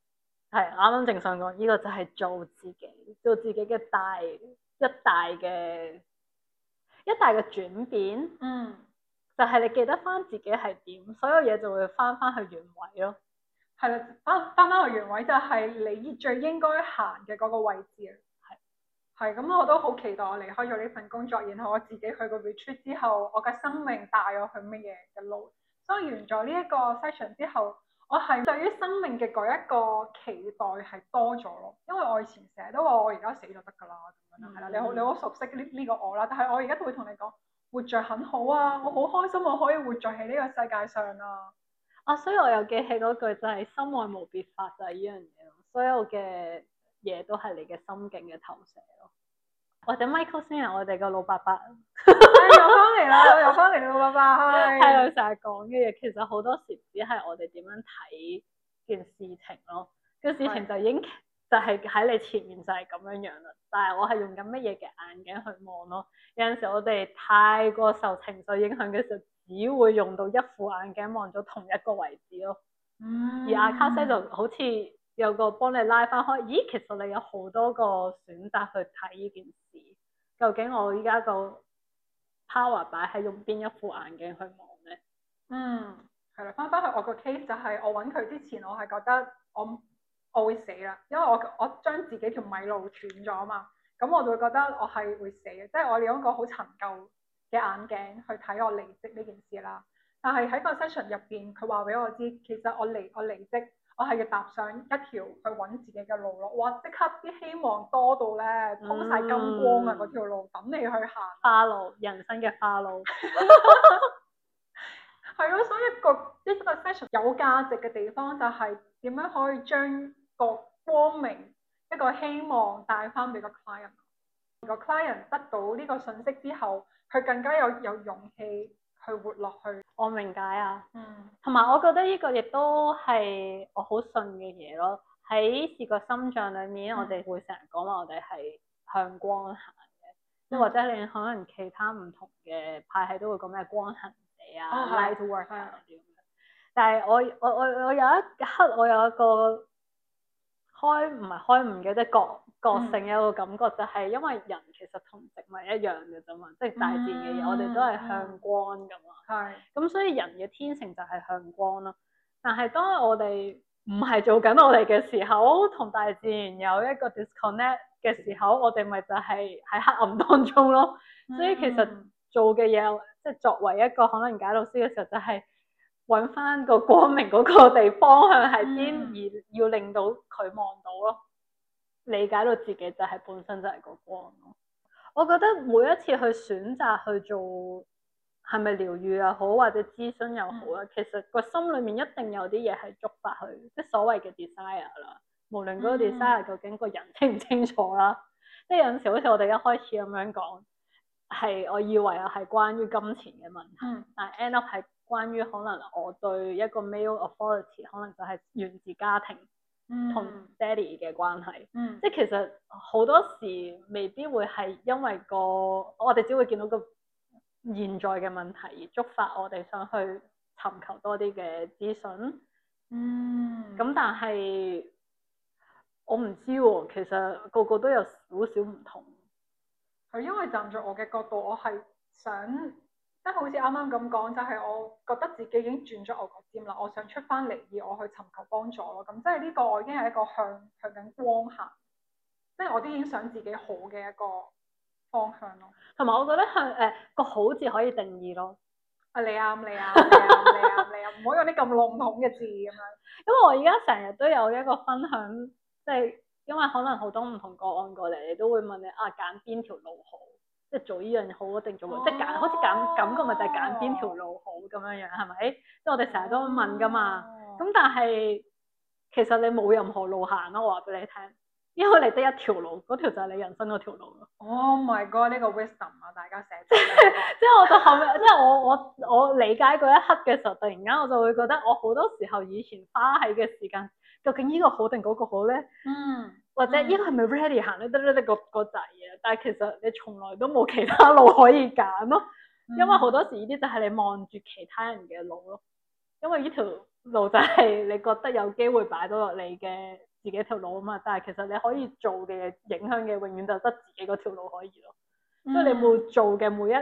係啱啱正想講，呢、呢個就係做自己，做自己嘅大一大嘅一大嘅轉變。嗯。但係你記得翻自己係點，所有嘢就會翻翻去原位咯。係啦，翻翻翻去原位就係你最應該行嘅嗰個位置啊。係是，係咁、嗯、我都好期待我離開咗呢份工作，然後我自己去個 retreat 之後，我嘅生命帶我去乜嘢嘅路。所以完咗呢一個 session 之後，我係對於生命嘅嗰一個期待係多咗咯。因為我以前成日都話我而家死就得㗎啦，咁樣啦，係啦，你好你好熟悉呢呢個我啦。但係我而家都會同你講。活著很好啊，我好開心我可以活著喺呢個世界上啊！啊，所以我又記起嗰句就係、是、心外無別法就係、是、呢樣嘢咯，所有嘅嘢都係你嘅心境嘅投射咯。或者 Michael 先係我哋個老伯伯， 哎、我我又翻嚟啦，又翻嚟老伯伯，係成日講嘅嘢，其實好多時只係我哋點樣睇件事情咯，個的事情就已經就係喺你前面就係咁樣樣啦。但係我係用緊乜嘢嘅眼鏡去望咯，哦，有陣時我哋太過受情緒影響嘅時候，只會用到一副眼鏡望咗同一個位置咯，哦。嗯、而阿卡西就好似有個幫你拉翻開，咦，其實你有好多個選擇去睇呢件事。究竟我依家個 power 擺喺用邊一副眼鏡去望咧？嗯，係啦，翻翻去我個 case 就係我搵佢之前，我係覺得我。我會死啦，因為我我將自己條米路斷咗啊嘛，咁我就會覺得我係會死嘅，即係我哋用一個好陳舊嘅眼鏡去睇我離職呢件事啦。但係喺個 session 入邊，佢話俾我知，其實我離我離職，我係要踏上一條去揾自己嘅路咯。哇！即刻啲希望多到咧，通晒金光啊！嗰條路等你去行花路，人生嘅花路。係咯， 所以一、這、呢個 session、這個、有價值嘅地方就係點樣可以將。一個光明一個希望帶翻俾個 client，個 client 得到呢個信息之後，佢更加有有勇氣去活落去。我明解啊，嗯，同埋我覺得呢個亦都係我好信嘅嘢咯。喺視覺心臟裏面，嗯、我哋會成日講話我哋係向光行嘅，即、嗯、或者你可能其他唔同嘅派係都會講咩光行地啊、哦、，lightwork 啊，但係我我我我有一刻我有一個。開唔係開唔嘅，得，係覺性有個感覺就係，因為人其實同植物一樣嘅啫嘛，嗯、即係大自然嘅嘢，嗯、我哋都係向光嘅嘛。係的。咁所以人嘅天性就係向光咯。但係當我哋唔係做緊我哋嘅時候，同大自然有一個 disconnect 嘅時候，我哋咪就係喺黑暗當中咯。嗯、所以其實做嘅嘢，嗯、即係作為一個可能解讀師嘅時候，就係。揾翻個光明嗰個地方向係邊，而要令到佢望到咯，理解到自己就係、是、本身，就係個光咯。我覺得每一次去選擇去做，係咪療愈又好，或者諮詢又好啊，其實個心裡面一定有啲嘢係觸發佢，即係所謂嘅 desire 啦。無論嗰 desire 究竟個人清唔清楚啦，嗯、即係有陣時好似我哋一開始咁樣講。係我以為啊係關於金錢嘅問題，嗯、但係 end up 係關於可能我對一個 male authority，可能就係源自家庭同 daddy 嘅關係，嗯嗯、即係其實好多時未必會係因為個我哋只會見到個現在嘅問題而觸發我哋想去尋求多啲嘅資訊，嗯，咁但係我唔知、喎、其實個個都有少少唔同。佢因為站在我嘅角度，我係想，即係好似啱啱咁講，就係、是、我覺得自己已經轉咗我個尖啦，我想出翻嚟，而我去尋求幫助咯。咁即係呢個我已經係一個向向緊光下，即係我啲已經想自己好嘅一個方向咯。同埋我覺得向誒、呃嗰個好字可以定義咯。係你啊，你啊，你啊，你啊，唔好用啲咁籠統嘅字咁樣。因為我而家成日都有一個分享，即係。因為可能好多唔同個案過嚟，你都會問你啊，揀邊條路好，即係做依樣好定做好、oh、即係揀，好似揀感覺咪就係揀邊條路好咁樣樣，係咪、oh？即係我哋成日都會問㗎嘛。咁但係其實你冇任何路行咯、啊，我話俾你聽，因為你得一條路，嗰條就係你人生嗰條路咯。Oh my god！呢個 Wisdom 啊，大家寫 吧即係即係我到後面，即係我我我理解嗰一刻嘅時候，突然間我就會覺得我好多時候以前花喺嘅時間。究竟依個好定嗰個好咧？嗯，或者依、嗯、個係咪 ready 行咧？得得得個個集嘢，但係其實你從來都冇其他路可以揀咯、嗯，因為好多時呢啲就係你望住其他人嘅路咯。因為呢條路就係你覺得有機會擺到落你嘅自己條路啊嘛。但係其實你可以做嘅嘢影響嘅永遠就得自己嗰條路可以咯。所以、嗯、你冇做嘅每一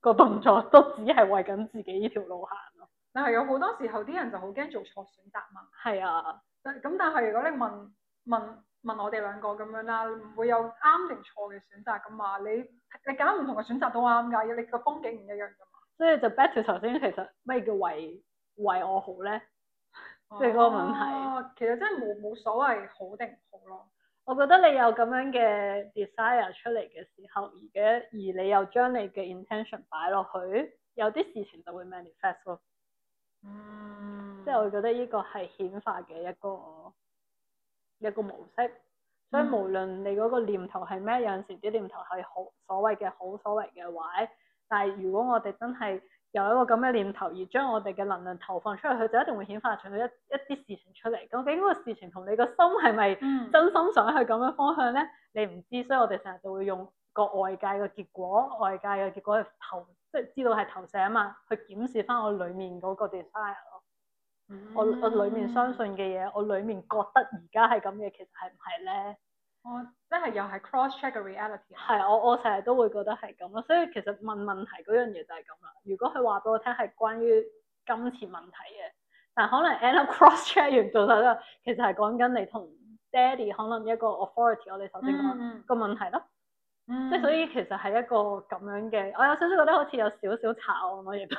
個動作都只係為緊自己呢條路行咯。但係有好多時候啲人就好驚做錯選擇嘛。係啊。咁但係如果你問問問我哋兩個咁樣啦，唔會有啱定錯嘅選擇咁嘛？你你揀唔同嘅選擇都啱㗎，你個風景唔一樣㗎嘛。所以就 back to 頭先，其實咩叫為為我好咧？即係嗰個問題。啊，其實真係冇冇所謂好定唔好咯。我覺得你有咁樣嘅 desire 出嚟嘅時候，而而你又將你嘅 intention 擺落去，有啲事情就會 manifest 咯。嗯。即係我覺得呢個係顯化嘅一個一個模式，嗯、所以無論你嗰個念頭係咩，有陣時啲念頭係好所謂嘅好所謂嘅壞，但係如果我哋真係有一個咁嘅念頭，而將我哋嘅能量投放出去，佢就一定會顯化出一一啲事情出嚟。究竟個事情同你個心係咪真心想去咁嘅方向咧？嗯、你唔知，所以我哋成日就會用個外界嘅結果，外界嘅結果去投，即係知道係投射啊嘛，去檢視翻我裏面個 desire。我我裏面相信嘅嘢，我裏面覺得而家係咁嘅，其實係唔係咧？我即係又係 cross check 嘅 reality。係，我我成日都會覺得係咁咯，所以其實問問題嗰樣嘢就係咁啦。如果佢話俾我聽係關於金錢問題嘅，但可能 end up cross check 完做晒啦，其實係講緊你同爹哋可能一個 authority， 我哋首先講個問題咯。即係、 嗯、所以其實係一個咁樣嘅，我有少少覺得好似有少少查案咯，亦都。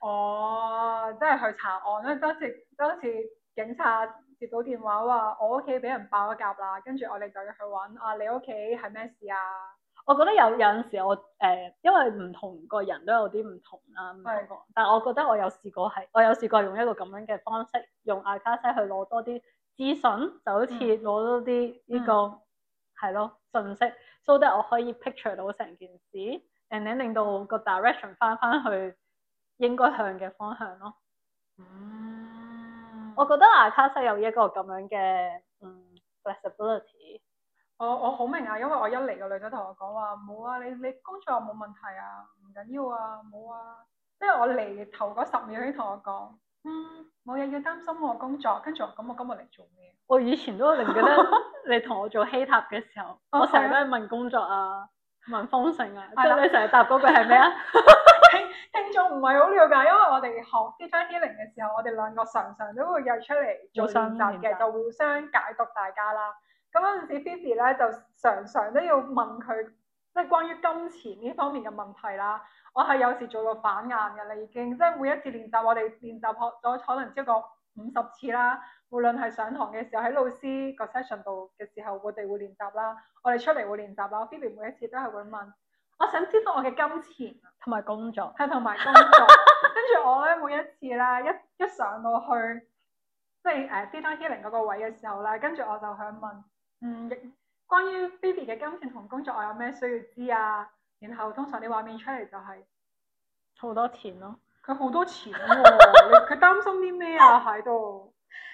哦，即係、oh, 去查案，因為當時當時警察接到電話話我屋企俾人爆咗甲啦，跟住我哋就要去揾啊，你屋企係咩事啊？我覺得有有陣時我誒、呃，因為唔同個人都有啲唔同啦、啊，的但係我覺得我有試過係，我有試過用一個咁樣嘅方式，用阿卡西去攞多啲資訊，就好似攞多啲呢、這個係、嗯、咯信息、嗯、so that 我可以 picture 到成件事 and then 令到個 direction 翻翻去。應該向嘅方向咯。嗯，mm, 我覺得阿卡西有一個咁樣嘅嗯、mm, flexibility。我我好明我我啊，啊，啊，啊，因為我一嚟個女仔同我講話，冇啊，你你工作有冇問題啊，唔緊要啊，冇啊。即係我嚟頭嗰十秒已經同我講，嗯，冇嘢要擔心我工作。跟住我咁，我今日嚟做咩？我以前都唔記得 你同我做希塔嘅時候， 我成日都問工作啊，問風盛啊，即係 Okay. 你成日答嗰句係咩啊？ 聽眾唔係好了解，因為我哋學啲翻 healing 嘅時候，我哋兩個常常都會約出嚟做練習嘅，就互相解讀大家啦。咁嗰陣時，Phoebe 咧就常常都要問佢，即係關於金錢呢方面嘅問題啦。我係有時做到反眼嘅，已經。即係每一次練習，我哋練習學咗可能超過五十次啦。無論係上堂嘅時候，喺老師個 session 度嘅時候，我哋會練習啦。我哋出嚟會練習啦。Phoebe 每一次都係會問。我想知道我嘅金錢同埋工作，係同埋工作。跟住 我咧，每一次咧，一一上到去，即係誒，第三七零嗰個位嘅時候咧，跟住我就想問，嗯，關於 Phoebe 嘅金錢同工作，我有咩需要知啊？然後通常啲畫面出嚟就係、是、好多、啊、多錢咯、啊，佢好多錢，佢擔心啲咩啊？喺度，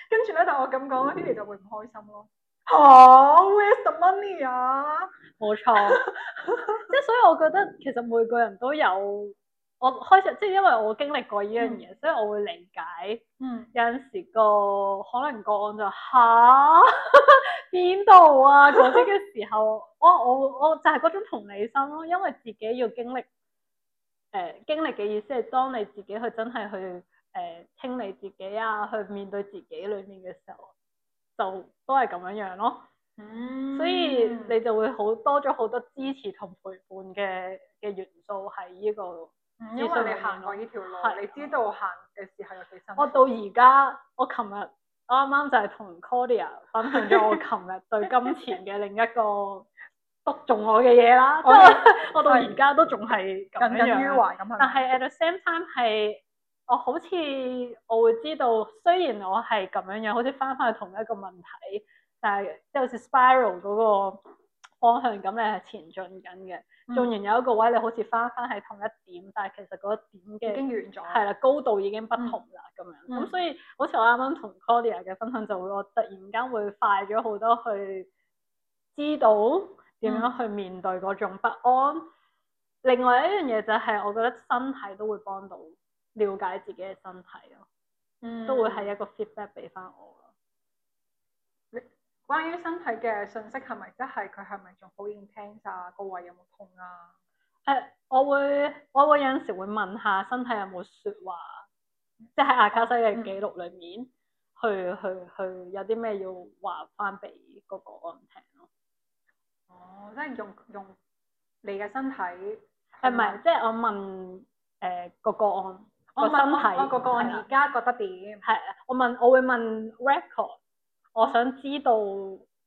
跟住咧，但我咁講 Phoebe 就會唔開心咯、啊。吓、啊、，where the money 啊？冇錯錯，即係所以我覺得其實每個人都有，我開始即係、就是、因為我經歷過呢樣嘢，嗯、所以我會理解，嗯，有陣時個可能個案就吓、是，邊度、嗯、哈 啊？嗰啲嘅時候，我我我就係嗰種同理心咯，因為自己要經歷，誒、呃、經歷嘅意思係當你自己去真係去誒、呃、清理自己啊，去面對自己裏面嘅時候。就都係咁樣樣咯，mm, 所以你就會好多咗好多支持同陪伴嘅嘅元素喺呢個，因為你行過呢條路，係你知道行嘅時候有幾辛苦。我到而家，我琴日我啱啱就係同 Claudia 分享咗我琴日對金錢嘅另一個篤中我嘅嘢啦，即係我到而家都仲係耿耿於懷咁樣。但係 at the same time 係。我好似我會知道，雖然我係咁樣樣，好似翻翻去同一個問題，但係即係好似 spiral 嗰個方向咁，你係前進緊嘅。縱然、嗯、有一個位，你好似翻翻喺同一點，但係其實嗰點嘅已經完咗。係啦，高度已經不同啦，咁、嗯、樣。咁、嗯、所以好似我啱啱同 Claudia 嘅分享，就會我突然間會快咗好多去知道點樣去面對嗰種不安。嗯、另外一樣嘢就係、是，我覺得身體都會幫到。了解自己嘅身體咯，嗯、都會係一個 feedback 俾翻我咯。你關於身體嘅信息係咪即係佢係咪仲好認聽晒？啊、個胃有冇痛啊？誒、呃，我會我會有陣時會問下身體有冇説話？嗯、即係喺阿卡西嘅記錄裡面、嗯、去去去，去有啲咩要話翻俾個個案聽咯。哦，即係用用你嘅身體係咪？即係我問誒、呃、個個案。我問我身體、啊啊、個個而家覺得點？係啊，我問我會問 record，我想知道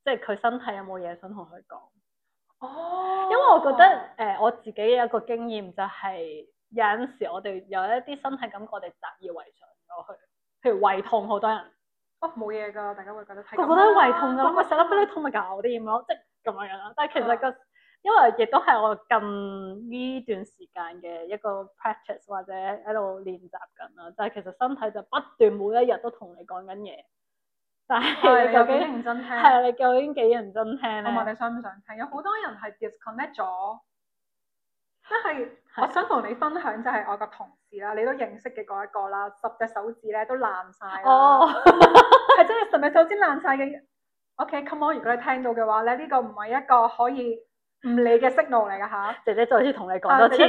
即係佢身體有冇嘢想同佢講。哦，因為我覺得誒的、呃、我自己有一個經驗、就是，就係有陣時我哋有一啲身體感覺，我哋習以為常咗去，譬如胃痛，好多人。哦，冇嘢㗎，大家會覺得、啊。我覺得胃痛㗎，咪食粒粒啲痛咪搞掂咯，即係咁樣樣，但係其實個、啊。因為亦都係我近呢段時間嘅一個 practice 或者喺度練習緊啦，但係其實身體就不斷每一日都同你講緊嘢，但係你究竟、哎、你認真聽？係啊、哎，你究竟幾認真聽我問、嗯、你想唔想聽？有好多人係 disconnect 咗，即係我想同你分享就係、是、我個同事啦，你都認識嘅嗰一個啦，十隻手指咧都爛晒。哦，係 真係十隻手指爛晒嘅。OK，come on，如果你聽到嘅話咧，呢個唔係一個可以唔理嘅信號嚟噶吓，啊、姐姐再次同你講多次，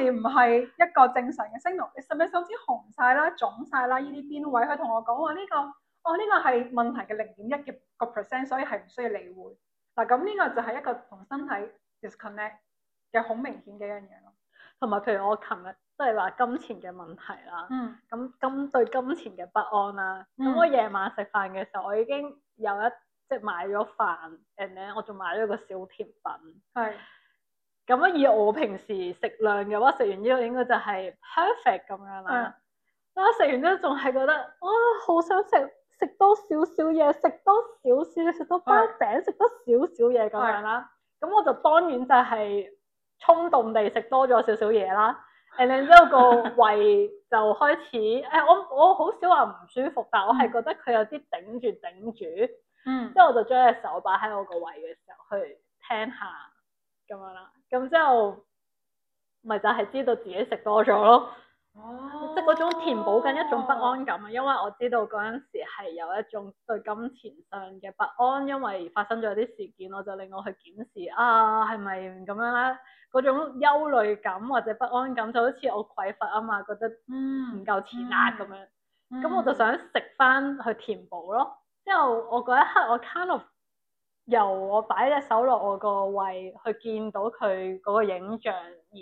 唔係、啊、一個正常嘅信號。你係咪手指紅晒啦、腫晒啦？呢啲邊位佢同我講話呢個？哦，呢、這個係問題嘅零點一嘅個 percent，所以係唔需要理會。嗱咁呢個就係一個同身體 disconnect 嘅好明顯嘅一樣嘢。同埋譬如我琴日都係話金錢嘅問題啦，咁、嗯、金對金錢嘅不安啦、啊，咁我夜晚食飯嘅時候我已經有一。即係買咗飯 and 咧我仲買咗個小甜品。係是。咁樣以我平時食量嘅話，食完之後應該就係 perfect 咁樣啦。是但食完之後仲係覺得啊，好、哦、想食食多少少嘢，食多少少食多包餅，食是多少少嘢咁樣啦。咁我就當然就係衝動地食多咗少少嘢啦。and 之後個胃就開始誒、 哎，我我，我好少話唔舒服，但我係覺得佢有啲頂住頂住。 嗯，之後我就將隻手擺喺我個位嘅時候去聽下咁樣啦，咁之後咪就係知道自己食多咗咯。哦，即係嗰種填補緊一種不安感啊，哦、因為我知道嗰陣時係有一種對金錢上嘅不安，因為發生咗啲事件，我就令我去檢視啊，係咪咁樣咧？嗰種憂慮感或者不安感，就好似我匱乏啊嘛，覺得唔夠錢啊咁樣，咁、嗯嗯、我就想食翻去填補咯。之後我，我嗰一刻我 kind of 由我擺隻手落我個胃，去見到佢嗰個影像而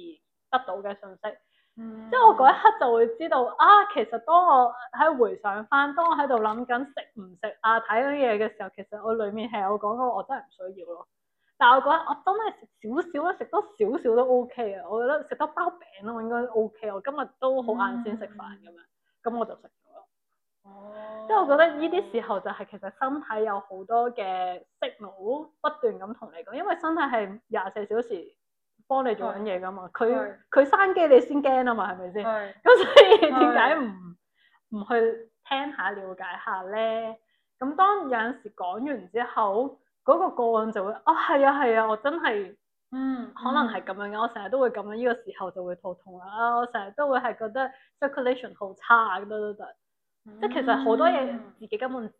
得到嘅信息。嗯。之後我嗰一刻就會知道啊，其實當我喺回想翻，當我喺度諗緊食唔食啊睇啲嘢嘅時候，其實我裡面係有講過我真係唔需要咯。但係我覺得我真係少少啦，食多少少都 OK 啊。我覺得食得包餅我應該 OK。我今日都好晏先食飯咁樣，咁、嗯、我就食，哦，即係我覺得呢啲時候就係其實身體有好多嘅識腦，不斷咁同你講，因為身體係廿四小時幫你做緊嘢噶嘛。佢佢關機你先驚啊嘛，係咪先？咁所以點解唔唔去聽下了解下咧？咁當有陣時講完之後，嗰、那個個案就會啊，係啊係啊，我真係嗯，可能係咁樣嘅，我成日都會咁樣。呢、這個時候就會肚痛啊，我成日都會係覺得 circulation 好差，得得得。即係、嗯、其實好多嘢自己根本唔知，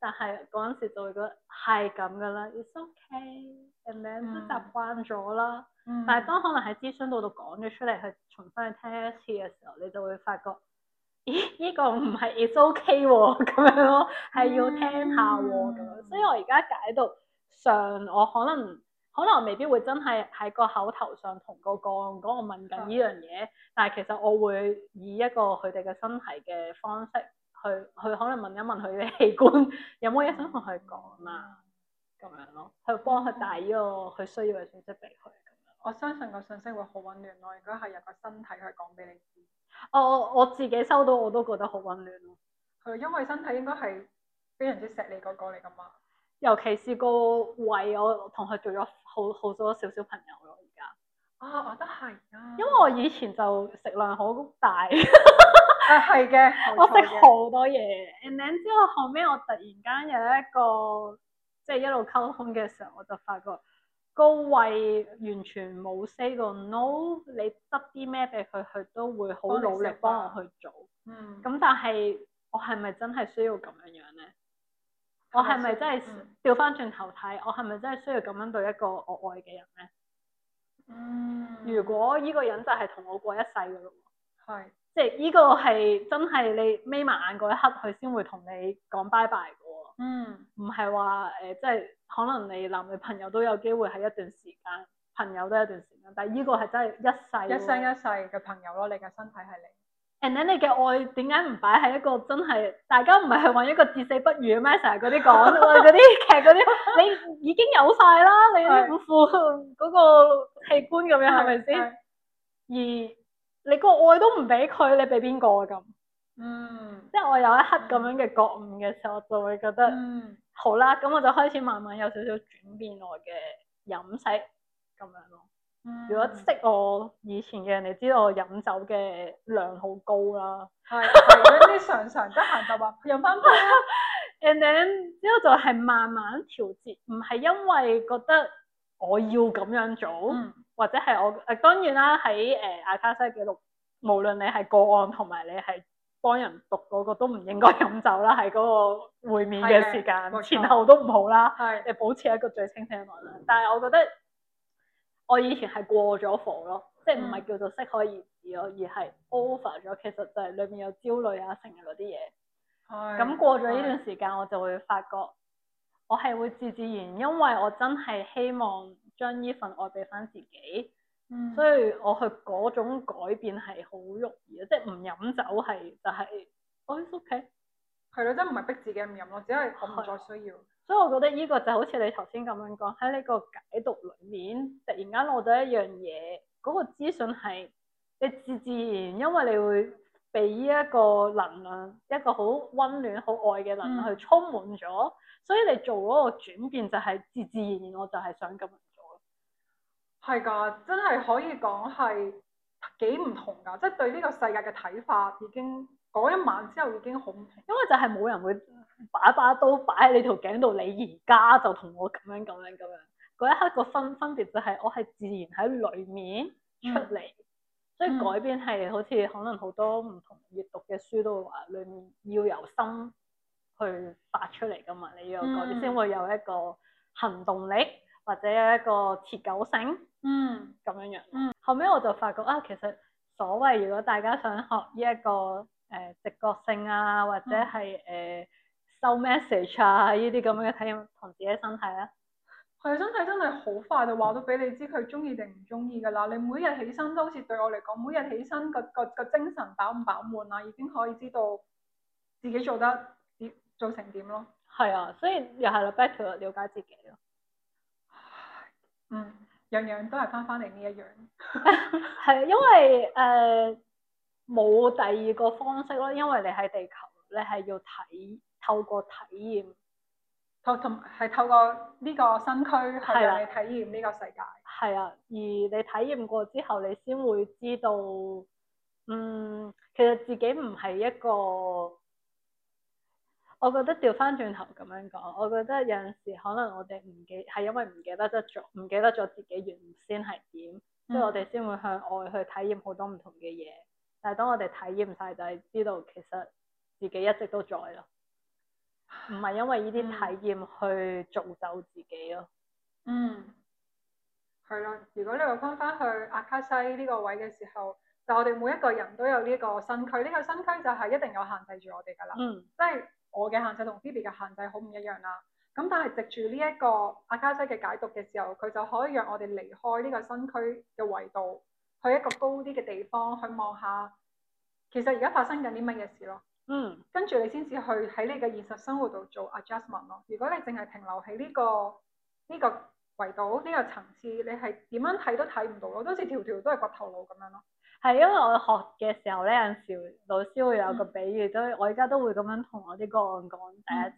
但係嗰陣時就會覺得係咁㗎啦，It's okay，人哋都習慣咗啦。嗯嗯、但係當可能喺諮詢度度講咗出嚟，去重新去聽一次嘅時候，你就會發覺，咦呢、這個唔係 It's okay 喎，咁樣咯，係要聽下喎。嗯、所以我而家解讀上，我可能可能未必會真係喺個口頭上同個個案嗰個,個,個問緊呢樣嘢，的但係其實我會以一個佢哋嘅身體嘅方式。去去可能問一問佢嘅器官 有冇嘢想同佢講啊，咁樣咯，嗯嗯、去幫佢帶呢個佢需要嘅信息俾佢。咁樣我相信個信息會好溫暖咯，如果係有個身體去講俾你知。我我、哦、我自己收到我都覺得好溫暖咯。佢，因為身體應該係非常之錫你嗰個嚟㗎嘛，尤其是個胃，我同佢做咗好好多少少朋友。哦、啊，我覺得係啊，因為我以前就食量好大，係 嘅、啊， 我食好多嘢。a n d then 之後後尾我突然間有一個即係、就是、一路溝通嘅時候，我就發覺高位完全冇 say 個 no，你執啲咩俾佢，佢都會好努力幫我去做。是是嗯。咁但係我係咪真係、嗯、需要咁樣樣咧？我係咪真係調翻轉頭睇？我係咪真係需要咁樣對一個我愛嘅人咧？嗯，如果呢個人就係同我過一世噶咯，係是，即係呢個係真係你眯埋眼嗰一刻，佢先會同你講拜拜噶。嗯，唔係話誒，即、呃、係、就是、可能你男女朋友都有機會係一段時間，朋友都係一段時間，但係呢個係真係一世一生一世嘅朋友咯。你嘅身體係你。等等你嘅愛點解唔擺喺一個真係大家唔係去揾一個至死不渝嘅咩？成日嗰啲講我哋嗰啲劇嗰啲，你已經有晒啦，你啲副副嗰個器官咁樣係咪先？而你個愛都唔俾佢，你俾邊個咁？嗯，即係我有一刻咁樣嘅覺悟嘅時候，嗯、我就會覺得，好啦，咁我就開始慢慢有少少轉變我嘅飲食咁樣咯。如果識我以前嘅人，你知道我飲酒嘅量好高啦。係，如果啲常常得閒就話飲返杯啦。And then 之後就係慢慢調節，唔係因為覺得我要咁樣做，嗯、或者係我當然啦。喺誒、呃、阿卡西記錄，無論你係個案同埋你係幫人讀嗰、嗰個，都唔應該飲酒啦。喺嗰個會面嘅時間前後都唔好啦。係是，你保持一個最清醒嘅狀態。但係我覺得。我以前係過咗火咯，即係唔係叫做適可、嗯、而止咯，而係 over 咗。其實就係裏面有焦慮啊，成日嗰啲嘢。係是。咁過咗呢段時間，是我就會發覺，我係會自自然，因為我真係希望將呢份愛俾翻自己。嗯、所以我去嗰種改變係好容易啊，即係唔飲酒係就係，哎、oh，OK，係咯，真唔係逼自己唔飲咯，我只係我唔再需要。所以，我覺得呢個就好似你頭先咁樣講，喺呢個解讀裏面，突然間攞到一樣嘢，嗰、那個資訊係你自自然，因為你會被呢一個能量，一個好温暖、好愛嘅能量去充滿咗，嗯、所以你做嗰個轉變就係自自然然。我就係想咁樣做。係㗎，真係可以講係幾唔同㗎，即、就、係、是、對呢個世界嘅睇法已經講、那個、一晚之後已經好，因為就係冇人會。把把刀擺喺你條頸度，你而家就同我咁樣咁樣咁樣。嗰一刻個分分別就係我係自然喺裏面出嚟，嗯、所以改變係好似可能好多唔同閱讀嘅書都會話，裏面要由心去發出嚟噶嘛，你要改變先會有一個行動力或者有一個持久性，嗯咁樣樣。嗯、後尾我就發覺啊，其實所謂如果大家想學呢、這、一個誒、呃、直覺性啊，或者係誒，嗯呃收、no、message 啊！呢啲咁樣嘅體驗同自己身體啊。佢嘅身體真係好快就話到俾你知，佢中意定唔中意噶啦。你每日起身都好似對我嚟講，每日起身個個個精神飽唔飽滿啊，已經可以知道自己做得點做成點咯。係啊，所以又係啦，back to 了解自己咯。嗯，樣樣都係翻翻嚟呢一樣。係 因為誒冇、呃、第二個方式咯，因為你喺地球，你係要睇。透過體驗，同同係透過呢個身軀嚟體驗呢個世界。係啊，而你體驗過之後，你先會知道，嗯，其實自己唔係一個。我覺得調翻轉頭咁樣講，我覺得有陣時可能我哋唔記係因為唔記得得咗，唔記得咗自己原先係點，即係，嗯，所以我哋先會向外去體驗好多唔同嘅嘢。但係當我哋體驗晒，就係知道其實自己一直都在咯。唔係因為呢啲體驗去造就自己咯，啊嗯。嗯，係咯。如果你個翻翻去阿卡西呢個位嘅時候，就我哋每一個人都有呢個新區，呢、呢個新區就係一定有限制住我哋噶啦。嗯。即係我嘅限制同 Phoebe 嘅限制好唔一樣啦。咁但係藉住呢一個阿卡西嘅解讀嘅時候，佢就可以讓我哋離開呢個新區嘅維度，去一個高啲嘅地方去望下，其實而家發生緊啲乜嘢事咯。嗯，跟住你先至去喺你嘅現實生活度做 adjustment 咯。如果你淨係停留喺呢、這個呢、這個維度，呢個層次，你係點樣睇都睇唔到。我好似條條都係掘頭路咁樣咯。係因為我學嘅時候咧，有陣時老師會有個比喻，都、嗯、我而家都會咁樣同我啲個案講。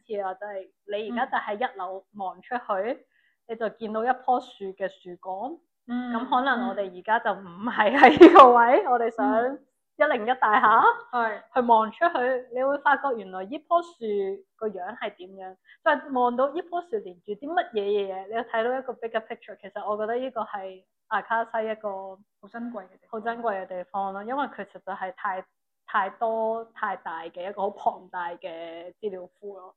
第一次啊，即係、嗯、你而家就喺一樓望出去，嗯、你就見到一棵樹嘅樹幹。嗯，咁可能我哋而家就唔係喺呢個位，我哋想、嗯。一零一大廈，係是去望出去，你會發覺原來呢棵樹個樣係點樣，即係望到呢棵樹連住啲乜嘢嘢嘢，你睇到一個 bigger picture。其實我覺得呢個係阿卡西一個好珍貴嘅，地好珍貴嘅地方咯，因為佢實在係太太多太大嘅一個好龐大嘅資料庫咯。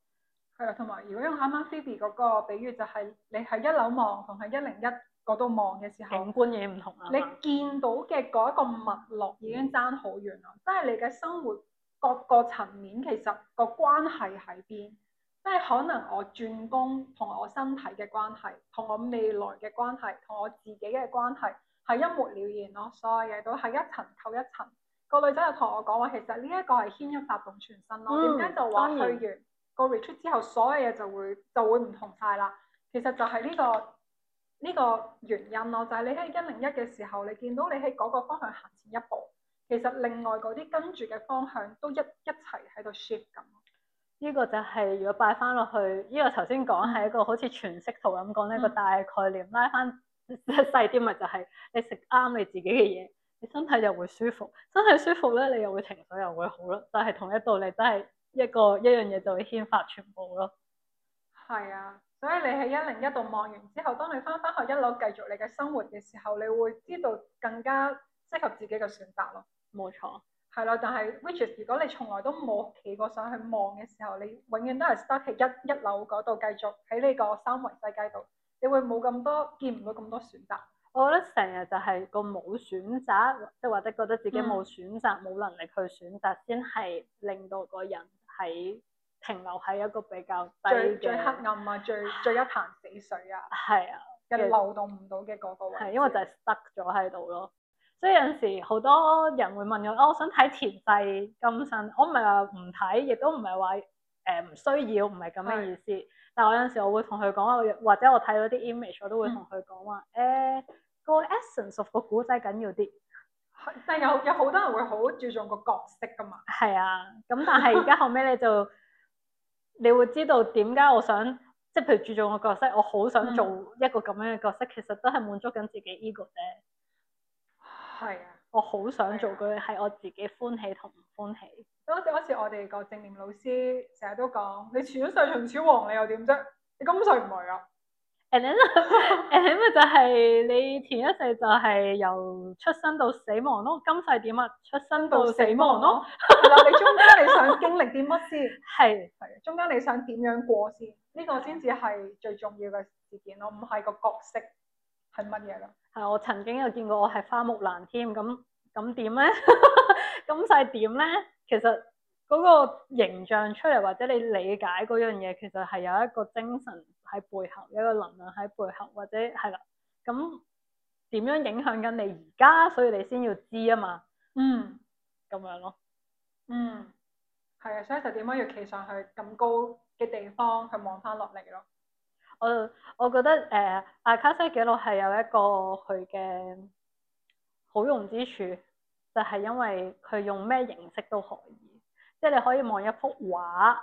係啊，同埋如果用啱啱 Phoebe 嗰個比喻就是是，就係你喺一樓望同喺一零一，嗰度望嘅時候，景觀嘢唔同啦。你見到嘅嗰一個脈絡已經爭好遠啦，即係、嗯、你嘅生活各個層面其實個關係喺邊？即、就、係、是、可能我轉工同我身體嘅關係，同我未來嘅關係，同我自己嘅關係係一目了然咯。所有嘢都係一層扣一層。那個女仔就同我講話，其實呢一個係牽一髮動全身咯。點解、嗯、就話去完個 Retreat 之後，所有嘢就會就會唔同晒啦？其實就係呢、這個。呢個原因咯，就係你喺一零一嘅時候，你見到你喺嗰個方向行前一步，其實另外嗰啲跟住嘅方向都一一齊喺度 shift 咁。呢個就係如果擺翻落去，呢個頭先講係一個好似全息圖咁講呢個大概念，拉翻細啲咪就係你食啱你自己嘅嘢，你身體又會舒服，身體舒服咧你又會情緒又會好咯。就係同一道理，都係一個一樣嘢就會牽發全部咯。係啊。所以你喺一零一度望完之後，當你翻返去一樓繼續你嘅生活嘅時候，你會知道更加適合自己嘅選擇咯。冇錯，係啦。但係，which is，如果你從來都冇企過上去望嘅時候，你永遠都係 start 喺一一樓嗰度繼續喺呢個三維世界度，你會冇咁多，見唔到咁多選擇。我覺得成日就係個冇選擇，即或者覺得自己冇選擇、冇、嗯、能力去選擇，先係令到個人喺停留喺一個比較低嘅最，最黑暗啊，最最一潭死水啊，係啊，嘅流動唔到嘅嗰個位。係因為就係 stuck 咗喺度咯。所以有時好多人會問我，我、哦、想睇前世今生，我唔係話唔睇，亦都唔係話誒唔需要，唔係咁嘅意思。的但係我有時我會同佢講話，或者我睇到啲 image，我都會同佢講話，誒、嗯、個 essence of 個古仔緊要啲。但係有有好多人會好注重個角色㗎嘛。係啊，咁但係而家後尾你就。 你會知道點解我想即係譬如注重個角色，我好想做一個咁樣嘅角色，嗯、其實都係滿足緊自己 ego 啫。係啊，我好想做佢，係、啊、我自己歡喜同唔歡喜。嗰時嗰時我哋個正念老師成日都講：你除咗上秦始皇，你又點啫？你今世唔係啊！誒，咁啊，誒，咁啊，就係你前一世，就係由出生到死亡咯。今世點啊？出生到死亡咯。咁你中間你想經歷啲乜先？係係，中間你想點樣過先？呢個先至係最重要嘅事件咯，唔係個角色係乜嘢咯。係，我曾經有見過我係花木蘭添，咁咁點咧？今世點咧？其實嗰個形象出嚟，或者你理解嗰樣嘢，其實係有一個精神。喺背後有一個能量喺背後，或者係啦，咁點樣，樣影響緊你而家，所以你先要知啊嘛，嗯，咁樣咯，嗯，係啊，所以就點樣要企上去咁高嘅地方去望翻落嚟咯。我我覺得誒、呃，阿卡西記錄係有一個佢嘅好用之處，就係、是、因為佢用咩形式都可以，即係你可以望一幅畫。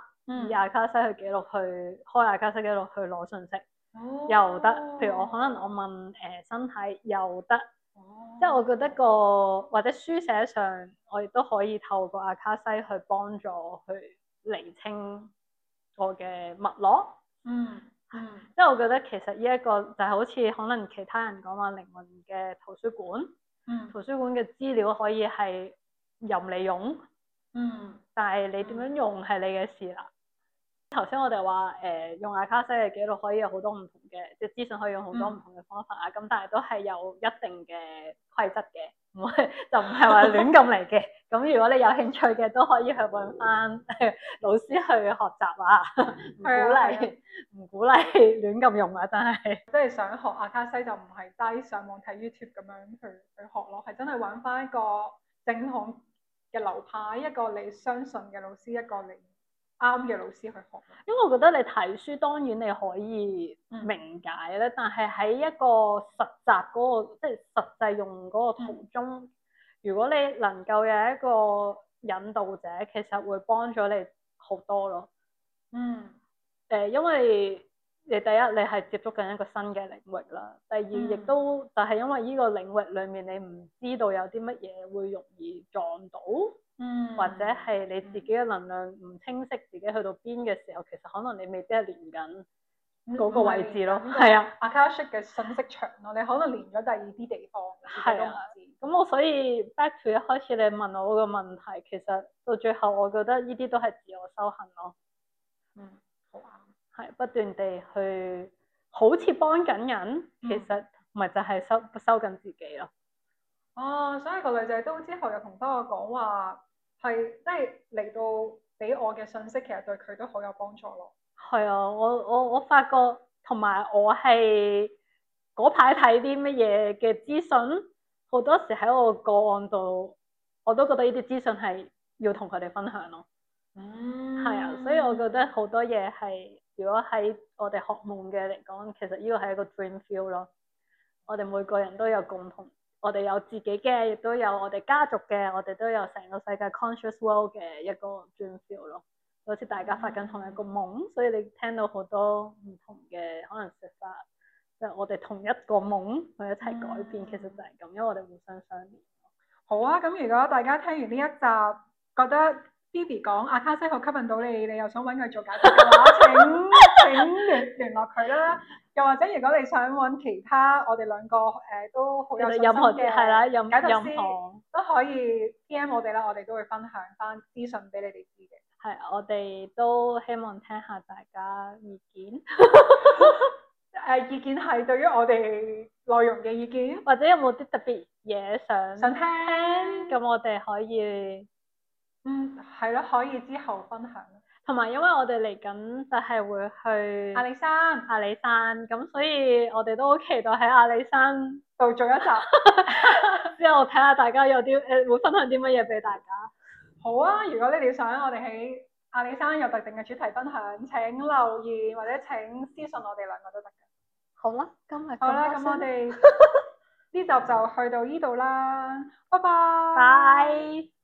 以阿卡西去記錄，去開阿卡西記錄去攞信息，哦、又得。譬如我可能我問誒、呃、身體，又得。哦、即係我覺得個或者書寫上，我亦都可以透過阿卡西去幫助去釐清我嘅脈絡。嗯，即係我覺得其實呢一個就係好似可能其他人講話靈魂嘅圖書館。嗯，圖書館嘅資料可以係任你用。嗯，但係你點樣用係你嘅事啦。頭先我哋話誒，用阿卡西嘅記錄可以有好多唔同嘅，即係資訊可以用好多唔同嘅方法啊。咁、嗯、但係都係有一定嘅規則嘅，唔會就唔係話亂咁嚟嘅。咁如果你有興趣嘅，都可以去搵翻老師去學習啊。唔鼓勵，唔鼓勵亂咁用啊！真係，即係想學阿卡西就唔係齋上網睇 YouTube 咁樣去去學咯，係真係搵翻一個正統嘅流派，一個你相信嘅老師，一個你。啱嘅老師去學，因為我覺得你睇書當然你可以明解咧，嗯、但係喺一個實習嗰、嗰個即係實際用嗰個途中，嗯、如果你能夠有一個引導者，其實會幫咗你好多咯。嗯。誒、呃，因為你第一你係接觸緊一個新嘅領域啦，第二亦、嗯、都，就係因為呢個領域裡面你唔知道有啲乜嘢會容易撞到。或者係你自己嘅能量唔、嗯、清晰，自己去到邊嘅時候，其實可能你未必係連緊嗰個位置咯。係啊，阿卡西嘅信息場咯， 你可能連咗第二啲地方。係啊，咁我所以 back to 一開始你問我個問題，其實到最後我覺得呢啲都係自我修行咯。嗯，好啊，係不斷地去，好似幫緊人，嗯、其實咪就係收收緊自己咯。哦，所以個女仔都之後又同翻我講話。係，即係嚟到俾我嘅信息，其實對佢都好有幫助咯。係啊，我我我發覺，同埋我係嗰排睇啲乜嘢嘅資訊，好多時喺我個案度，我都覺得呢啲資訊係要同佢哋分享咯。嗯。係啊，所以我覺得好多嘢係，如果喺我哋學夢嘅嚟講，其實呢個係一個 dream feel 咯。我哋每個人都有共同。我哋有自己嘅，亦都有我哋家族嘅，我哋都有成個世界 conscious world 嘅一個 feel 咯。好似大家發緊同一個夢，mm hmm. 所以你聽到好多唔同嘅可能說法。t 即係我哋同一個夢去一齊改變，mm hmm. 其實就係咁，因為我哋互相相連。好啊，咁如果大家聽完呢一集覺得 B B 講阿卡西好吸引到你，你又想揾佢做解答嘅話，請 請聯聯絡佢啦。又或者，如果你想揾其他，我哋兩個誒、呃、都好有信心嘅，係啦、啊，任任何，任何都可以。DM 我哋啦，嗯、我哋都會分享翻資訊俾你哋知嘅。係，我哋都希望聽下大家意見。誒、 呃，意見係對於我哋內容嘅意見，或者有冇啲特別嘢想想聽？咁聽我哋可以，嗯，係咯，可以之後分享。同埋，因為我哋嚟緊就係會去阿里山，阿里山咁，所以我哋都好期待喺阿里山度做一集，之 後睇下大家有啲誒會分享啲乜嘢俾大家。好啊，如果你哋想我哋喺阿里山有特定嘅主題分享，請留言或者請私信我哋兩個都得㗎。好啦、啊，今日好啦、啊，咁剛才 我哋呢 集就去到呢度啦，拜拜。拜。